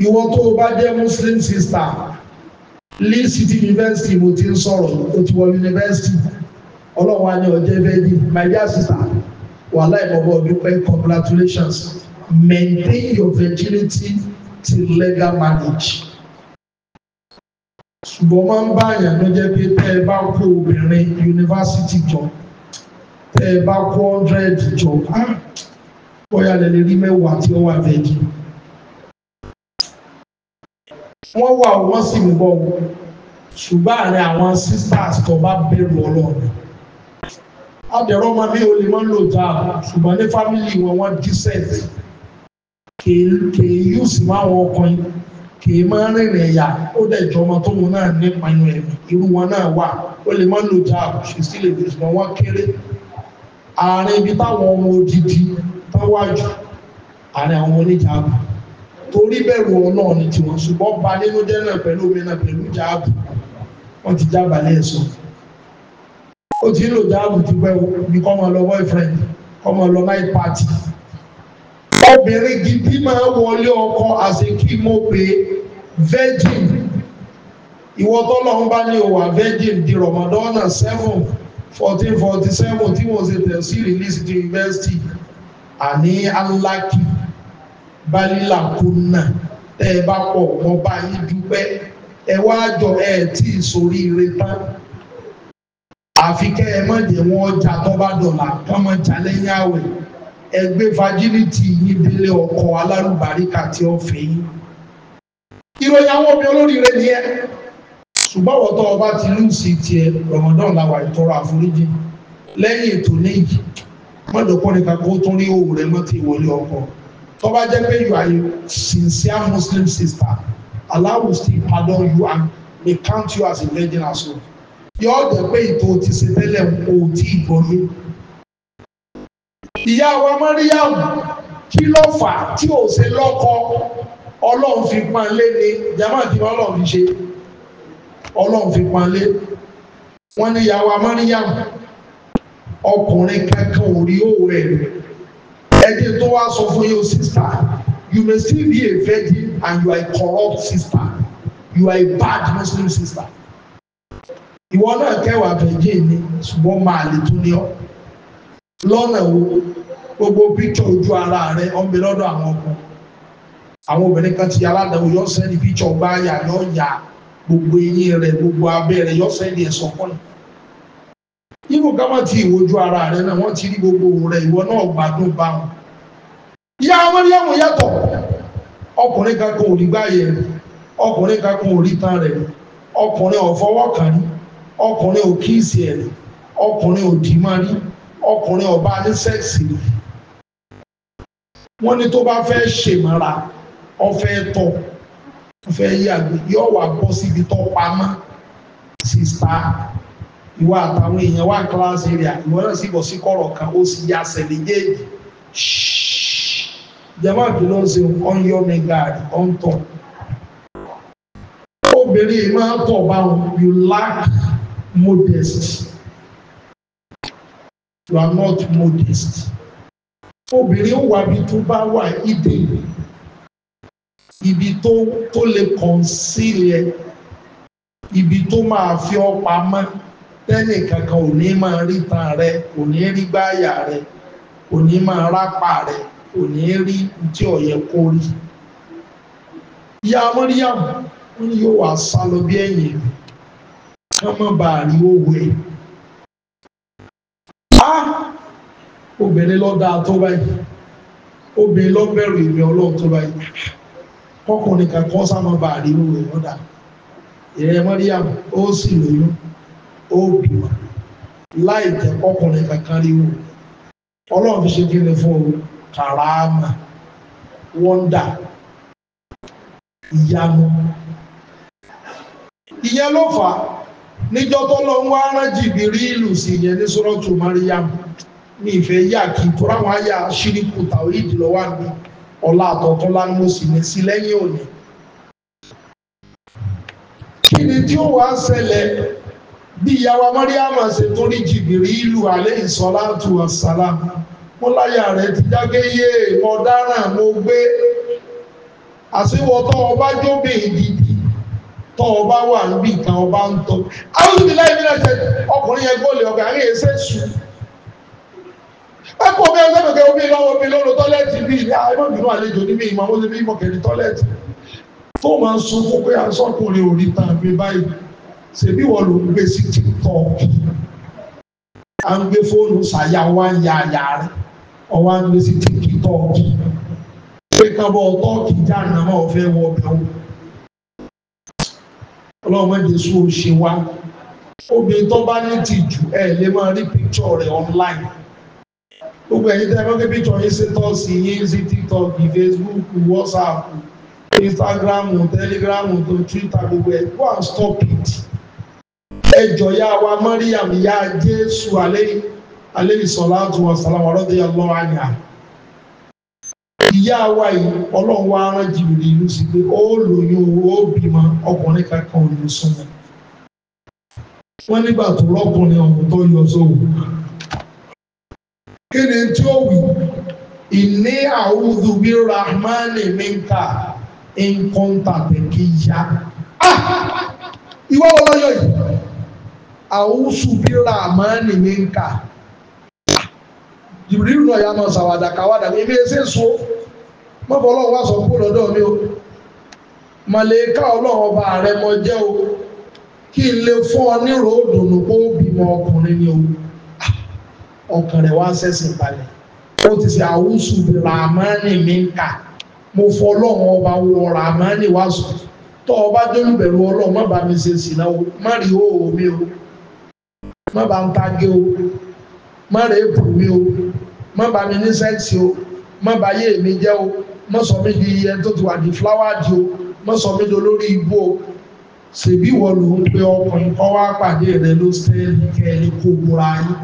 Speaker 1: ìwọ tó o bá jẹ́ muslim sister Lee City University mo ti ń sọ̀rọ̀ o wọ university ọlọ́wọ́ á ní ọjọ́ ẹbẹ́ẹ́dì my dear sister wàhálà ìbọ̀bọ̀ dúpẹ́ congratulations maintain your virginity till legal marriage. ṣùgbọ́n máa ń bá àyàn ló jẹ́ pé tẹ́ ẹ bá kó obìnrin yunifásitì jọ tẹ́ ẹ bá kó hundred jọ ah, bóyá lè lè rí mẹ́wàá tí ó wà vẹ́gì wọ́n wà wọ́n sì ń bọ̀ ṣùgbọ́n àárín àwọn sisters kan bá bẹ̀rù ọlọ́run adẹ̀rọ ọmọ mi ò lè mọ́ lò dáa ṣùgbọ́n ní fámìlì wọn wọ́n decent kèé yóò sì máa wọ ọkàn yìí kèé máa rìnrìn ẹ̀yà ó dẹ̀ jọ ọmọ tóun náà ní ìpanu ẹ̀mí irú wọn náà wà ó lè mọ́ lò dáa ṣì sí lè lò ṣùgbọ́n wọ́n kéré àárín ibi táwọn ọmọ odidi tó wájú àwọn oníjàgbọ́n torí bẹ̀rù ọlọ́run ni tiwọn ṣùgbọ́n ba nínú jẹ́ náà pẹ̀lú omi náà pẹ̀lú jáàbù wọ́n ti jábà lẹ́ẹ̀sọ́ ó ti ń lò jáàbù ti pẹ́ bí kọ́ máa lọ boyfriend kọ́ máa lọ night party obìnrin gidi máa wọlé ọkọ àṣẹ kí mo pè é virgin ìwọ tọ́lọ́run bá ní òwà virgin di Ramadan seven fourteen forty seven tí mo ṣe tẹ̀ sí release to university àní alákìí balila kunna tẹ́ ẹ bá pọ̀ mọ́ bá yín dúpẹ́ ẹ wá jọ ẹ tí ì sórí ire tán àfi kẹ́ ẹ má jẹ́ wọn ọjà tó bá dọ̀là kán mọ́ jà lẹ́yìn àwẹ̀ ẹ gbé fagiliti yín délé ọkọ̀ alárùbáríkà tí ó fẹ́ yín ìròyìn àwọn obìnrin olóríire ni ẹ ṣùgbọ́n ọ̀tọ̀ ọba ti lù sí tiẹ̀ rọ̀mọdán làwà ìtọrọ àforíjì lẹ́yìn ètò níyì mọ́dọ̀kọ́ nìkan kó tún rí òwúrẹ́ mọ́tì ìwọlé ọkọ̀ tó bá jẹ́ pé you are a sincere Muslim sister Allah will still pardon you and may count you as a virgin as well. yọ jẹ́ pé ètò ti ṣe tẹ́lẹ̀ kò tí ì gbọ́yé. ìyá wa Mariam kí ló fà tí ò ṣe lọ́kọ ọlọ́run fi pan lé ni jama ti wọn ọlọ́run fi ṣe ọlọ́run fi pan lé wọn ní ìyá wa Mariam ọkùnrin kankan ò rí òwúrẹ̀ rẹ̀ ẹ̀jẹ̀ tó wá sọ fún yóò sister you may still be a virgin and you are a corrupt sister you are a bad muslim sister ìwọ náà kẹwàá virgin ni ṣùgbọ́n máa lè tún ní ọ lọ́nà wo gbogbo picture ojú ara rẹ ọ̀nbẹ lọ́dọ̀ àwọn ọmọ àwọn obìnrin kan ti aládàáwò yọ sẹ́ni picture ọba àyà yọ ya gbogbo eyín rẹ gbogbo abẹ́ rẹ yọ sẹ́ni ẹ̀sọ́ kọ́nà irú ká má ti ìwojú ara rẹ náà wọ́n ti rí gbogbo rẹ ìwọ náà gbádùn bá wọn ìyá Màríyámù yàtọ̀ ọkùnrin kankan ò rí gbáyé rẹ̀ ọkùnrin kankan ò rí tán rẹ̀ ọkùnrin ọ̀fọwọ́kànrí ọkùnrin ò kíìsì ẹ̀ rẹ̀ ọkùnrin ò dì máa rí ọkùnrin ọba ní sẹ́ẹ̀sì rẹ̀ wọ́n ní tó bá fẹ́ ṣèmọ́ra ọfẹ́ tọ̀ ọfẹ́ yàgbé yóò wà bọ́ síbi tó pamọ́ sísá ìwà àtàwọn èèyàn wà kíláàsì rẹ̀ ìwọ náà sì bọ̀ sí kọ̀rọ̀ kan ó sì yà sẹ̀lẹ̀ yéèjì ṣíṣ jama kìlọ̀ ń sìn ọ̀yọ́ mẹ́gàdì ọ̀ntọ̀
Speaker 2: obìnrin máa ń tọ̀ bá
Speaker 1: wọn you lack modest you are not modest obìnrin wà bí tó bá wà ìdè ibi tó tó lè conceal ibi tó máa fi ọ́ pamọ́ tẹ́nì kankan ò ní máa ríta rẹ ò ní rí gbáyà rẹ ò ní máa rápà rẹ kò ní rí tí ọ̀yẹ kó rí ìyá Mariam wọn ni yóò wá sá lọ bí ẹ̀yìn rẹ̀ kí wọ́n bá a rí owó ẹ̀ á obìnrin lọ dáa tó báyìí obìnrin lọ bẹ̀rù èmi ọlọ́run tó báyìí kọkùnrin kan kọ́ sá máa bá a rí owó ẹ̀ wọ́n dà ìrẹ́ ó sì lóyún ó bímọ láì tẹ̀ kọkùnrin kankan rí owó ọlọ́run fi ṣe kí ni fún owó kàràmà wonda, ìyanu ìyẹn ló fà níjọ́ tó lọ ń wá rán jìbìrí ìlú sí ìyẹn ní sọ́rọ́tù mariam ní ìfẹ́ yà kí tọ́ráwọn àyà ṣíríkù tàwọn ìdílọ́wà ní ọlá àtọ̀tọ́ lánàá sì ní sí lẹ́yìn òní kí ni tí ó wá ṣẹlẹ̀ bí ìyàwó mariam ṣe torí jìbìrí ìlú alẹ́ ìsọ́látù wassalam mo láyà rẹ̀ ti jágé yé mo dáràn mo gbé àṣewọ tó ọba jóbe ìdìdì tó ọba wà níbi ìtàn ọba ń tọ áwùjọ láì nílẹ̀ ṣe ọkùnrin yẹn gbọ́lẹ̀ ọ̀gá àárín èsè sùn ẹ̀kọ́ mi ẹgbẹ́ kẹ̀kẹ́ omi lọ́wọ́ mi lọ́rọ̀ tọ́lẹ́ẹ̀tì bíi ní àwọn ìlú àlejò níbi ìmọ̀ ó lè bí ìmọ̀kẹ́ni tọ́lẹ́ẹ̀tì tó máa ń sunkún pé asọ́kùnrin orí ta mi báyìí ṣèbí wọ́n ló ń gbé sí tiktok à ń gbé fóònù ṣàyà wá àyà rẹ̀ ọwọ́ àgbẹ̀ sí tìkì tọ́ọ̀kì pé kábọ̀ tọ́ọ̀kì já ànàmọ́ ọ̀fẹ́ wọ ọ̀bẹ̀wò ọlọ́mọ jésù ò ṣe wá obìnrin tó bá ní tìjú ẹ̀ lè máa rí píkṣọ̀ rẹ̀ online gbogbo ẹ̀yin tẹ́ ẹ mọ́ pé píkṣọ̀ yín ṣe tọ́ọ̀sì yín sí tiktok facebook whatsapp instagram telegram tó twitter gbogbo ẹ̀ go and stop it ẹjọ́ yá wa mọ́ríyàm yá jésù àlẹ́yìn aleyhi salatu wa salam radiyallahu anha ìyá wa yìí ọlọ́run wa rán jìbìrì ìlú sí pé ó lóyún ó bímọ ọkùnrin kankan ò ní súnmọ́ wọ́n nígbà tó lọ́kùnrin ọ̀hún tó yọ sóhùn kí ni tí ó wí ìní àwùjọ bí rahmani minka nkọ́ńtà tẹ̀kíyà ah! ìwọ́ ọlọ́yọ̀ yìí àwùjọ bí rahmani minka jìbìrìlù náà yà máa sàwàdà kàwàdà ebi ẹsẹ̀ so mọ́bọ̀ ọlọ́run wá sọ kó lọ́dọ̀ mi o màlẹ́ká ọlọ́run ọba rẹ mọ jẹ́ o kí n lè fún ọ nírò òdùnnú kó ń bímọ ọkùnrin ni o ah, ọkàn rẹ̀ wá sẹ́sìn balẹ̀ ó ti ṣe àwùsù ràmánì mi ń kà mo fọ ọlọ́run ọba wọ ràmánì wá sọ tọ́ ọba dólùbẹ̀rù ọlọ́run má mi ṣe sìnà o má rí òwò o má ń tagé o má rí èpù mi o má bà mí ní sẹ́ẹ̀sì o má bà yé mi jẹ́ o má sọ mí di iye tó ti wà di fúláwà di o má sọ mí di olórí igbó o ṣèbí wọ ló ń pe ọkùnrin kọ́ wá pàdé rẹ ló sẹ́ẹ̀lì kẹ́ẹ̀lì kó múra yín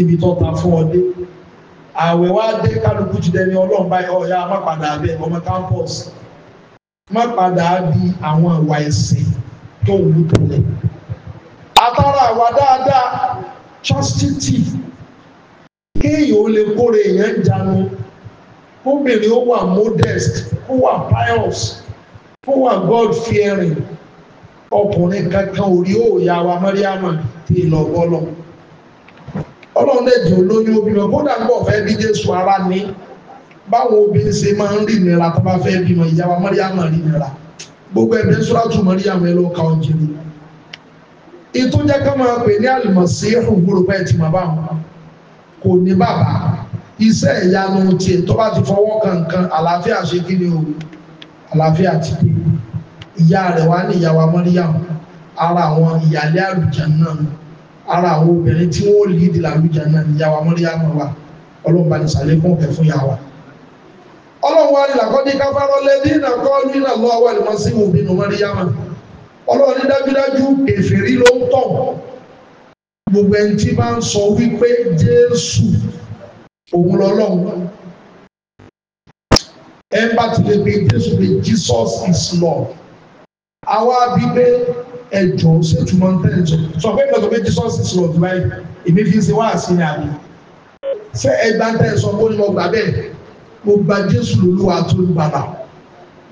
Speaker 1: ibi tó ta fún ọ dé ààwẹ̀ wá dé kálukú ti dẹni ọlọ́run báyìí ọ̀ya má padà bẹ ọmọ campus má padà bí àwọn ìwà ẹ̀sìn tó wù ú tó lẹ̀. àtàrà àwa dáadáa chastity kéèyàn ole lè kóre èèyàn jánu obìnrin ó modest ó wà pious ó wà god fearing ọkùnrin kankan orí òòyà wa mariana ti lọ bọ́lọ̀ ọlọ́run ẹ̀jẹ̀ olóyún obìnrin kódà ń bọ̀ fẹ́ bí jésù ara ní báwọn obìnrin ṣe máa ń nira tó bá bímọ ìyá wa nira gbogbo ka ọ̀jẹ̀ ni ìtújẹ́ ká máa pè ní àlùmọ̀sí ẹ̀fùn gbòòrò bẹ́ẹ̀ ti máa bá wọn kò ní bàbá iṣẹ́ ìyanu tiẹ̀ tó bá ti fọwọ́ kankan àlàáfíà ṣe kí ni o àlàáfíà ti dé ìyá rẹ̀ wá ní ìyàwó amọ́ríyàm ara àwọn ìyàlẹ́ àlùjàn náà ara àwọn obìnrin tí wọ́n lè dìlà àlùjàn náà ìyàwó amọ́ríyàm wa ọlọ́run bá ní sàlékún ọ̀kẹ́ fún yàwó ọlọ́run wa ní làkọ́dí káfárọ́ lẹ́dí iná kọ́ nínà lọ́wọ́ ìmọ̀síwò bínú mọ́ríyàmà ọlọ́run ní dájúdájú èfèrí ló ń tọ̀ gbogbo ẹni tí bá ń sọ wípé Jésù òun lọ́lọ́run ẹ bá ti lè pe Jésù pé Jesus is Lord àwa bí pé ẹjọ́ ṣètùmọ̀ ntẹ́jọ́ sọ pé ìgbà tó pé Jesus is Lord báyìí èmi fi ń ṣe wá sí ní àná ṣé ẹgbà tẹ́ sọ pé ó ní mo gbà bẹ́ẹ̀ mo gba Jésù lólúwa tó ní bàbá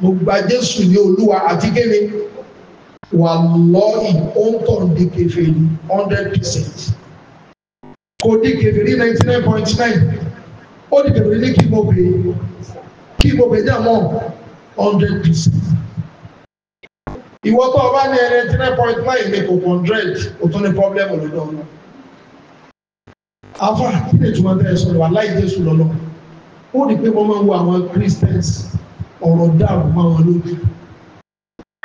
Speaker 1: mo gba Jésù ní olúwa àti kéde wà lọ́ọ̀ì ó ń tọ̀ di hundred percent kò di ninety nine point nine ó di kèfèrí ní kí mo bè mọ́ hundred percent ìwọ tó o bá ní ninety nine point nine ní kò hundred o tún ní problem lọ́dọ̀ ọ̀nà afa kí ni ìtumọ̀ bẹ́ẹ̀ sọ̀rọ̀ wà láì Jésù lọ́lọ́ ó rí i pé wọ́n máa ń wo àwọn Christians ọ̀rọ̀ dàrú máa wọn lójú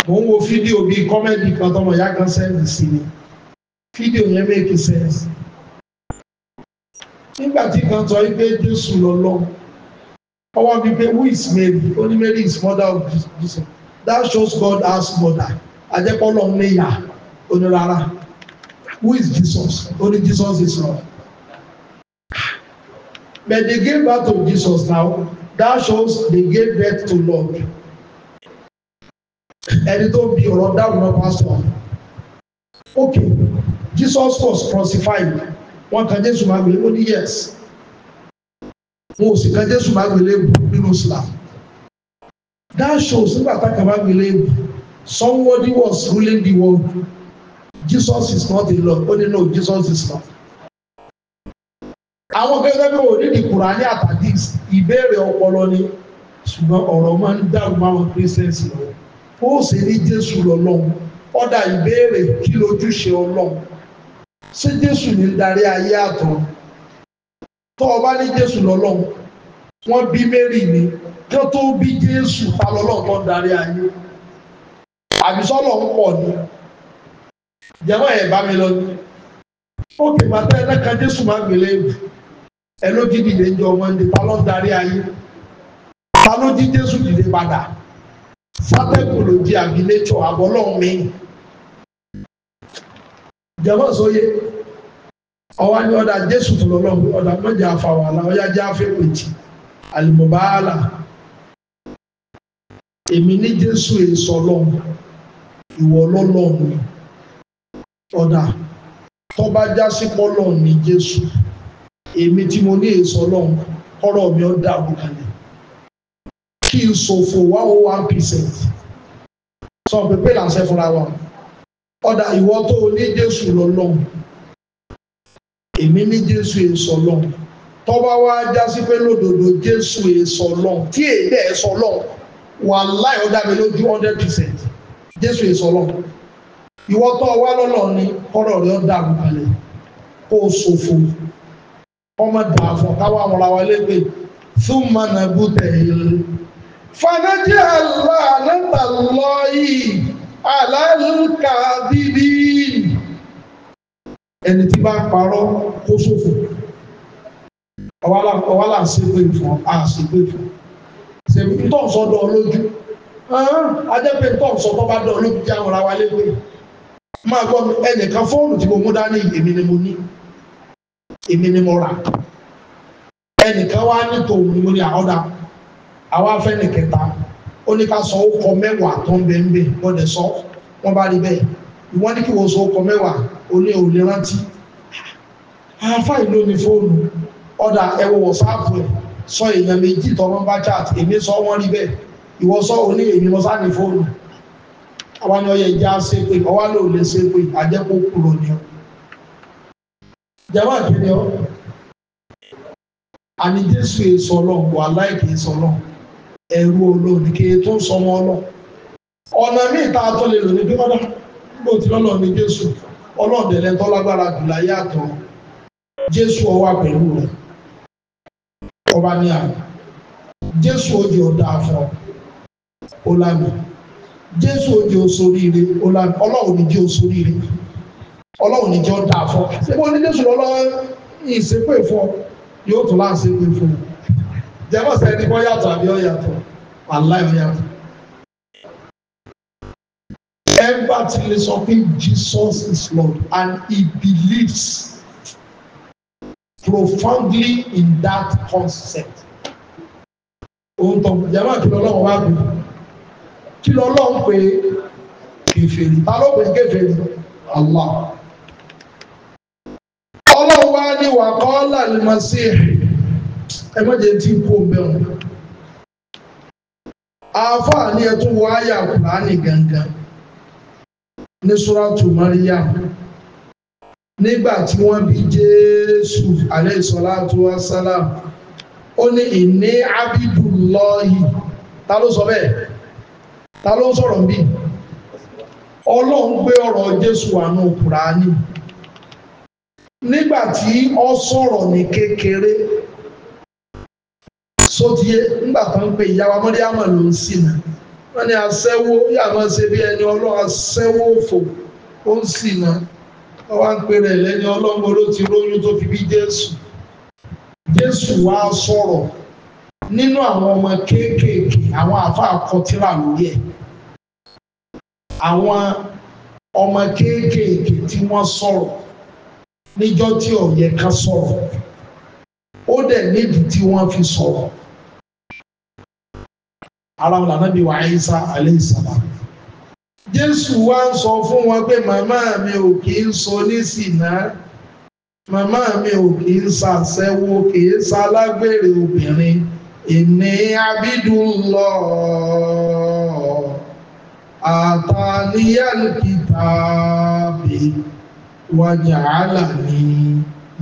Speaker 1: mo ń wo fídíò bíi kọ́mẹ́dì kan tọmọ ìyá kan sẹ́ǹdì sí mi fídíò yẹn make sense nígbà tí kan sọ wípé Jésù lọ́lọ́ ọwọ́ bíi pé who is Mary only Mary is mother of Jesus that shows God as mother ajẹ́pọ́lọ́ ń níyà onírara who is Jesus only Jesus is Lord but they gave birth to Jesus now that shows they gave birth to Lord ẹni tó bi ọ̀rọ̀ dáhùn náà pásítọ̀ okay Jesus was crucified wọ́n kan Jésù máa gbélé ó ní yes wọn ò sì kan Jésù máa gbélé nínú Islam that shows nígbà táwọn máa gbélé somebody was ruling the world Jesus is not in love. ó ní no Jesus is not àwọn gẹ́gẹ́ bí wò nídìí kùránì àtàdís ìbéèrè ọpọlọ ni ṣùgbọ́n ọ̀rọ̀ máa ń dàrú máwọn christians lọ́wọ́ ó sì ní jésù lọ́lọ́run ọ̀dà ìbéèrè kí lójúṣe ọlọ́run ṣé jésù ní darí ayé àtọ̀ tó o bá ní jésù lọ́lọ́run wọ́n bí mary ni kí ó tó bí jésù ta lọ́lọ́run tó ń darí ayé àbísọ́lọ̀ ń pọ̀ ni jẹ́wọ́ ẹ̀ bá mi lọ ní ókè bàtà ẹ̀ lẹ́ka jésù máa gbélé ewu ẹ̀ ló jí dìde ń jọ ọmọ ẹ̀ ta ló ń darí ayé ta ló jésù dìde padà fátẹ́kù ló di àbílẹ́tọ̀ àbọ́lọ́hún mi jẹ́mọ́ sóye ọwọ́ ni ọ̀dà jésù tó lọ́lọ́hún ọ̀dà mọ́jà àfàwàlà ọ̀yá jẹ́ àfẹ́wẹ̀tì àlùmọ̀báàlà èmi ní jésù èso ọlọ́hún ìwọ lọ́lọ́hún ọ̀dà tọ́ba jásípọ̀ lọ́hún ní jésù èmi tí mo ní èso ọlọ́hún kọ́rọ̀ mi ọ̀ dàrú kí n for one oh one percent sọ pé pé làṣẹ fúnra wa ọ̀dà ìwọ tó o ní Jésù lọ́lọ́run èmi ní Jésù èso lọ́run tọ́ba wa já sí pé lódodo Jésù èso lọ́run tí èdè èso lọ́run wà láì ọ̀dà mi lójú hundred percent Jésù èso lọ́run ìwọ tó o wá lọ́lọ́ ni ọ̀rọ̀ rẹ̀ ọ̀dà àgùnbalẹ̀ kó o ṣòfò ọmọ dàáfọ̀ káwọn àwọn ọ̀la wa lé pé fún mọ̀nà bùtẹ̀ yìí fànájì àlá àlẹ́ta lọ́yì àlálùkà bíbí ẹni tí bá ń parọ́ kó ṣòfò ọwálà ṣépè fún àṣépè fún ṣèpè tó ń sọ dọ̀ lójú ajẹ́pẹ̀ tó ń sọ tó bá dọ̀ lójú jẹ́ àwọn ará wa lépè máa gbọ́ ẹnìkan fóònù tí mo mú dání èmi ni mo ní èmi ni mo rà ẹnìkan wá ní tòun ni mo ní àọ́dà àwa fẹ́ni kẹta ó ní ká sọ ókọ mẹ́wàá tó ń bẹ́ńbẹ́ gbọ́dẹ̀ sọ wọ́n bá rí bẹ́ẹ̀ ìwọ́n ní kí wọ́n sọ ókọ mẹ́wàá ó ní òlé rántí àáfà ìlú ni fóònù ọ̀dà ẹ̀wọ̀ wọ̀sáàpù ẹ̀ sọ èèyàn méjì tọ́ wọn bá chat èmi sọ wọ́n rí bẹ́ẹ̀ ìwọ sọ ò ní èmi mọ́sá ní fóònù àwa ni ọyẹ ìjà ṣe pé ọwá ló lè ṣe pé àjẹpọ̀ kúrò ni ọ. jẹ́wọ́ àkínní ọ àní Jésù èso ọlọ́run wà láì kì í sọ ọlọ́run ẹ̀rù olóòdì kí tó ń sọmọ ọlọ ọ̀nà míì tá a tó lè lò ní bí ọ̀dà gbò tí lọ́lọ́ ní jésù ọlọ́ọ̀dẹ̀lẹ̀ tó lágbára jùlá yàtọ̀ jésù ó wà pẹ̀lú rẹ̀ ọba ní àná jésù ojú ọ̀dà afọ ọlámi jésù ojú osoríire ọlámi ọlọ́run ní jẹ́ osoríire ọlọ́run ní jẹ́ ọ̀dà afọ ṣé bó ní jésù lọ́lọ́ ìṣépè yóò tún láǹṣẹ́ jẹ́mọ̀ sẹ́ni kọ́ yàtọ̀ àbí ọ̀yàtọ̀ aláì ọ̀yàtọ̀. ẹgbà tí lè sọ Jesus is Lord and he believes profoundly in that concept. òun tọ̀ jẹ́mọ̀ kí lọ́lọ́run wá bí kí lọ́lọ́run pé kèfèrí ta ló pè kèfèrí Allah. ọlọ́run wá ní wàkọ́ ọ́ làlùmọ́sí rẹ̀ ẹ má jẹ́ tí kú ọbẹ̀ wọn. àáfàá ni ẹ tún wọ àyà kùránì gangan ní suratu Maryam nígbà tí wọ́n bí Jésù alayhi salatu wassalam ó ní ìní abidullahi ta ló sọ bẹ́ẹ̀ ta ló ń sọ̀rọ̀ bí ọlọ́run gbé ọ̀rọ̀ Jésù àánú kùránì nígbà tí ó sọ̀rọ̀ ní kékeré sódìé nígbà tó ń pe ìyàwó amọ́déyàmọ̀ ló ń sìn náà wọ́n ní aṣẹ́wó yàmọ́ ṣe bí ẹni ọlọ́ aṣẹ́wó fò ó ń sìn náà wọ́n wá ń pe rẹ̀ lẹ́ni ọlọ́mọ ló ti lóyún tó fi bí Jésù Jésù wá sọ̀rọ̀ nínú àwọn ọmọ kéékèèké àwọn àáfàá kọtíra lórí ẹ̀ àwọn ọmọ kéékèèké tí wọ́n sọ̀rọ̀ níjọ́ tí ó yẹ ká sọ̀rọ̀ ó dẹ̀ nídìí tí wọ́n fi sọ̀rọ̀ ara wọn lànàbí wa Isa alayhi salam jésù wá ń sọ fún wọn pé màmá mi ò kì í sọ nísìnà màmá mi ò kì í ṣàṣẹ́wó kì í ṣalágbèrè obìnrin ìní abídùnlọ àtàníyàlùkìtàbí wàjàálà ní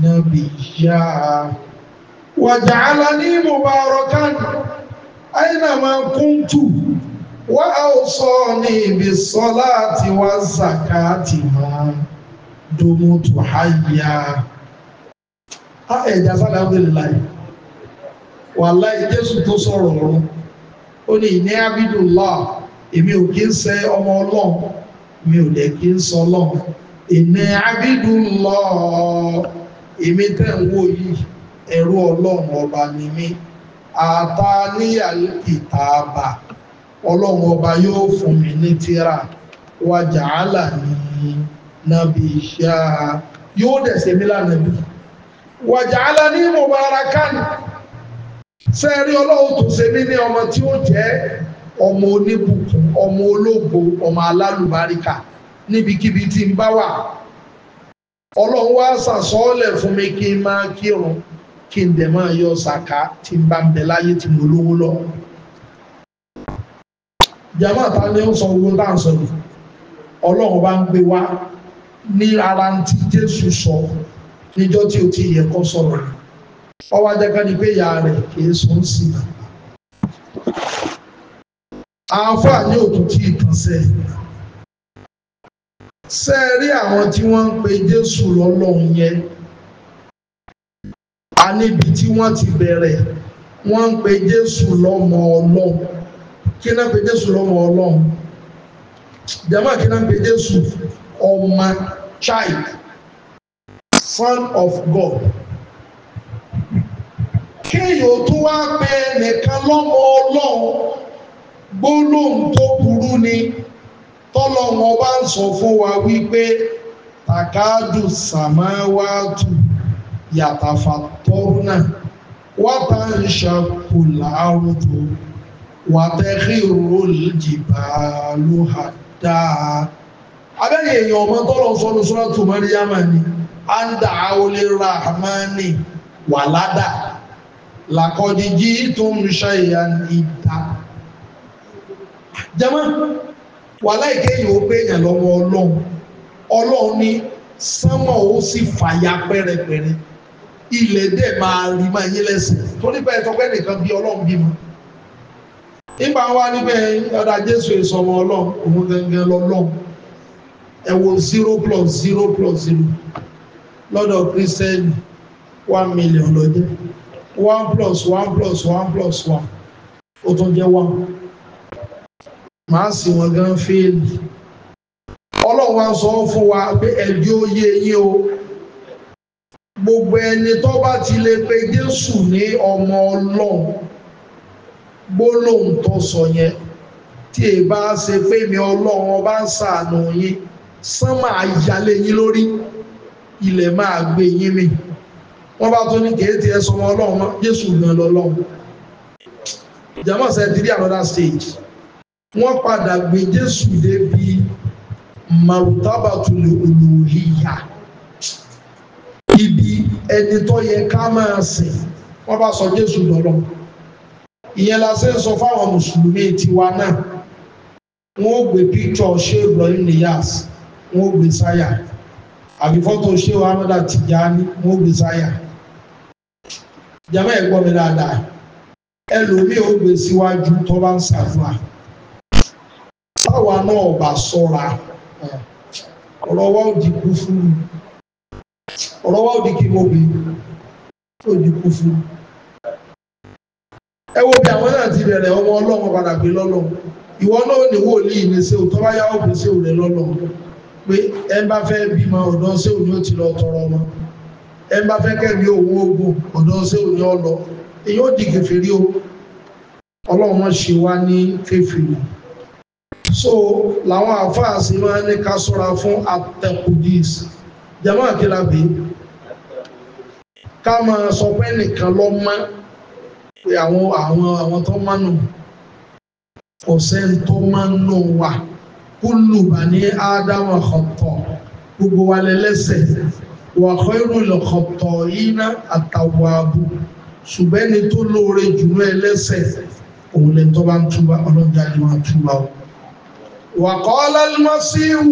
Speaker 1: nàbìyà wàjàálà ní mùbárọ̀kánì àyìnà máa kún tù wá àwòsọ ní ibi sọlá àti wá zàkà àti máa dùnmù tù háyà. a ẹ̀dá sábà ń bèrè láyé wàláì jésù tó sọ̀rọ̀ ọ̀run ó ní ìní abidullah èmi ò kí ń ṣe ọmọ ọlọ́run mi ò dẹ̀ kí ń sọ ọlọ́run ìní abidullah èmi tẹ̀ ń wò yìí ẹ̀rú ọlọ́run ọba ni mí àtàníyàlì kìtàbà ọlọ́run ọba yóò fún mi ní tíra wájà áàlà ní nàbí iṣẹ́ yóò dẹ̀sẹ̀ mí lánàbí wájà áàlà ní mubarakan sẹ́ẹ̀rí ọlọ́run tó ṣe mí ní ọmọ tí ó jẹ́ ọmọ oníbùkún ọmọ ológo ọmọ alálùbáríkà níbikíbi tí ń bá wà ọlọ́run wá sàsọ́ọ́lẹ̀ fún mi kí n máa kírun kí n dẹ̀ máa yọ ṣàká tí n bá ń bẹ láyé tí mo lówó lọ. jama ta ni ó sọ owó tá à ń sọ yìí ọlọ́run bá ń gbé wá ní ara tí jésù sọ níjọ́ tí o ti yẹ kó sọ̀rọ̀ ọwọ́ ajẹ́ká ni pé ìyá rẹ̀ kìí sọ ń sìn náà. àáfàá ní òtún tí ìtàn sẹ́yìn rí àwọn tí wọ́n ń pe jésù lọ́lọ́run yẹn a níbi tí wọ́n ti bẹ̀rẹ̀ wọ́n ń pe Jésù lọ́mọ Ọlọ́run kí náà pe Jésù lọ́mọ Ọlọ́run jama kí náà pe Jésù ọmọ child son of God kéèyàn tó wá pè nìkan lọ́mọ Ọlọ́run gbólóhùn tó burú ni tọ́lọ́wọ́n bá ń sọ fún wa wípé takádù sàmáwá tù yàtàfà tọ́rùnà wàtà ń ṣàkólà àwùjọ wàtẹ́kìrò jìbà ló hà dáa. abẹ́rẹ́ èèyàn ọmọ tọ́lọ̀ sọ́nu sọ́ọ́tù mọ́ríyámà ni à ń rahmani wàládà làkọ́díjì tó ń ṣàyà ìdá. jama wàhálà ìkéyìn ó gbéyàn lọ́wọ́ ọlọ́run ọlọ́run ní sánmọ̀ ó sì fàyà pẹ́rẹpẹ́rẹ ilẹ̀ dẹ̀ máa rí máa yín lẹ́sìn torí pé ẹ̀tọ́ pé nìkan bí ọlọ́run bímọ. nígbà wa níbẹ̀ ọ̀dà jésù ìsọmọ ọlọ́run òun gangan lọ́lọ́run ẹ wo zero plus zero plus zero lọ́dọ̀ kírísítẹ́nì one million lọ́jọ́ one plus one plus one plus one ó tún jẹ́ one màá sì wọ́n gan fíìlì ọlọ́run wa sọ fún wa pé ẹ̀dí ó yé yín o gbogbo ẹni tó bá ti lè pe Jésù ní ọmọ Ọlọ́run gbólóhùn tó sọ yẹn tí ẹ bá ṣe pé mi Ọlọ́run ọba ń ṣàánú yín sán máa yálé yín lórí ilẹ̀ máa gbé yín mi wọ́n bá tún ní kéétì ẹ sọmọ Ọlọ́run Jésù gan lọ́lọ́run jama sẹ ti another stage wọ́n padà gbé Jésù débi marutabatulu olùhìyà ibi ẹni tó yẹ ká máa sìn wọ́n bá sọ Jésù lọ́lọ́ ìyẹn la ṣe ń sọ fáwọn mùsùlùmí tiwa náà wọ́n ó gbé píkṣọ ṣé Ibrahim Niyas wọ́n ó gbé sáyà àbí fọ́tò ṣé Ahmadu Tijani wọ́n ó gbé sáyà jama ẹ gbọ́ mi dáadáa ẹlòmíì ó gbé síwájú tó bá ń ṣàdúrà táwa náà bá ṣọ́ra ọ̀rọ̀ wa ò di kú fún mi ọ̀rọ̀ wa ò di kí mo tó di kú fún ẹ wo bí àwọn náà ti bẹ̀rẹ̀ ọmọ ọlọ́run padà pé lọ́lọ́ ìwọ náà ní wòlíì ní sẹ́wò tó bá yá òkú sẹ́wò rẹ̀ lọ́lọ́ pé ẹ bá fẹ́ bímọ ọ̀dọ́ sẹ́wò ni ó ti lọ tọrọ ọmọ ẹ bá fẹ́ kẹ́mi òun ogun ọ̀dọ́ sẹ́wò ni ó lọ èyí ó di kèfèrí o ọlọ́run wọn ṣe wá ní kèfèrí so làwọn àfáàsì máa ń ní ká sọ́ra fún atẹ́kùdíìsì jama àkìlá pé ká máa sọ pé nìkan lọ mọ pé àwọn àwọn àwọn tó máa nù kò sẹ́ni tó máa nù wà kúlù bá ní ádámù ọ̀kọ̀tọ̀ gbogbo wa lẹ́lẹ́sẹ̀ wà kọ́rù lọ́kọ̀tọ̀ yìí ná àtàwọn àbú ṣùgbọ́n tó lóore jùlọ ẹlẹ́sẹ̀ òun lẹ́ni bá ń túbà ọlọ́jà ni wọ́n á túbà o. wà kọ́ ọ́ lálẹ́ mọ́ sí ìwù.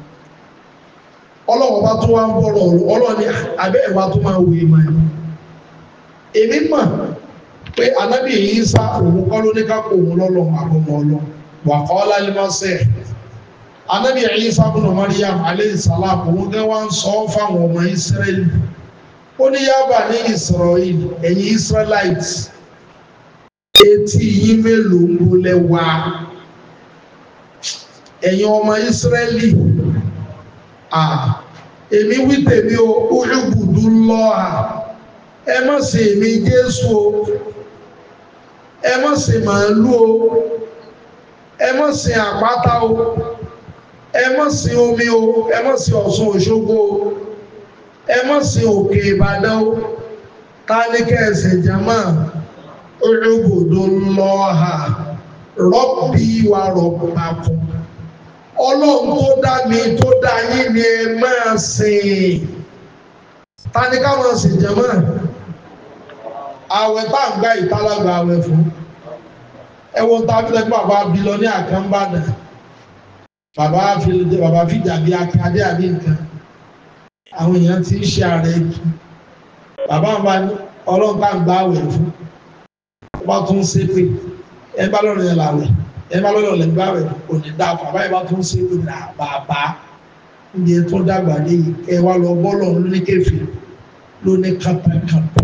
Speaker 1: ọlọ́wọ́ bá tó wá ń bọ̀rọ̀ ọlọ́wọ́ ni abẹ́ ẹ̀wà tó máa wù ìmọ̀ ẹ̀ èmi mọ̀ pé anábì yìí sá òun kọ́ ló ní ká kó òun lọ́lọ́ àbọ̀mọ̀ ọlọ́ wà kọ́ lálẹ́mọ́sẹ̀ anábì yìí sá bùnà Maryam aleyhi salam òun gẹ́ wá ń sọ fáwọn ọmọ Israẹli ó ní yábà ní Israel ẹ̀yin Israelites etí yín mélòó ń bolẹ̀ wá ẹ̀yin ọmọ Israẹli ah èmi wí tèmi o ojúbùdú lọ́à ẹ má ṣe èmi jésù o ẹ má ṣe màálù o ẹ má ṣe àpáta o ẹ má ṣe omi o ẹ má ṣe ọ̀ṣun òṣogbo o ẹ má ṣe òkè ìbàdàn o ta ni kẹ́sẹ̀ jama ojúbùdú lọ́à rọ́bì wa rọ̀bà kùn ọlọ́run tó dá mi tó dá yín ni ẹ máa sìn ta ni ká máa sìn jẹ́mọ́ àwẹ̀ tá à ń gbá ìtàlágbà àwẹ̀ fún ẹwọ́n tábìlẹ̀ bàbá bílọ́ní àkànbàdàn bàbá fìdí bàbá fìdí àbí akadé àbí nǹkan àwọn èèyàn ti ń ṣe ààrẹ jù bàbá bá ní ọlọ́run bá ń gbá àwẹ̀ fún ọba tó ṣépè ẹ bá lọ́rùn yẹn làwẹ̀ ẹ bá lọ́yọ̀ lẹ́ bá rẹ̀ kò ní dá bàbá yẹn bá tó ń ṣe é lónìí àbàbà ní tó dàgbà léyìí ẹ wá lọ bọ́ọ̀lù ọ̀hún ní kẹfì lóní kápákápá.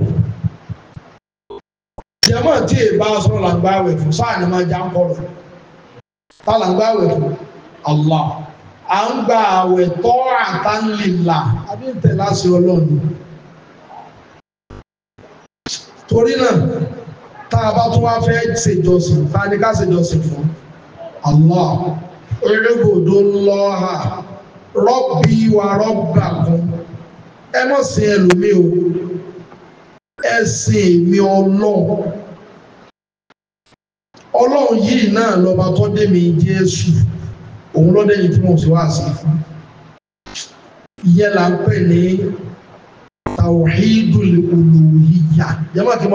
Speaker 1: ìjẹ́mọ̀ tí èyí bá sọ̀rọ̀ làǹgbá rẹ̀ fún sáà máa já ń kọ̀ rẹ̀ tá làǹgbá fún Allah à ń gba àwẹ̀ tọ́ àtàlélà àbí tẹ̀lá ọlọ́run. torí náà tá a bá tún wá fẹ́ ṣèjọsìn tá a ní ká ṣèjọsìn fún Allah olóògbòdo lọ́ha rọ́bì wa rọ́bà kan ẹ mọ̀ sí ẹlòmíì o ẹ sìn èmi ọlọ́ọ̀ ọlọ́run yìí náà lọ́ba tó dé mi Jésù òun lọ́dẹ̀ yìí tí mo sì wá sí fún ìyẹn là ń pè ní tàwọ̀hídùl uluhiyya yẹ́n bá ti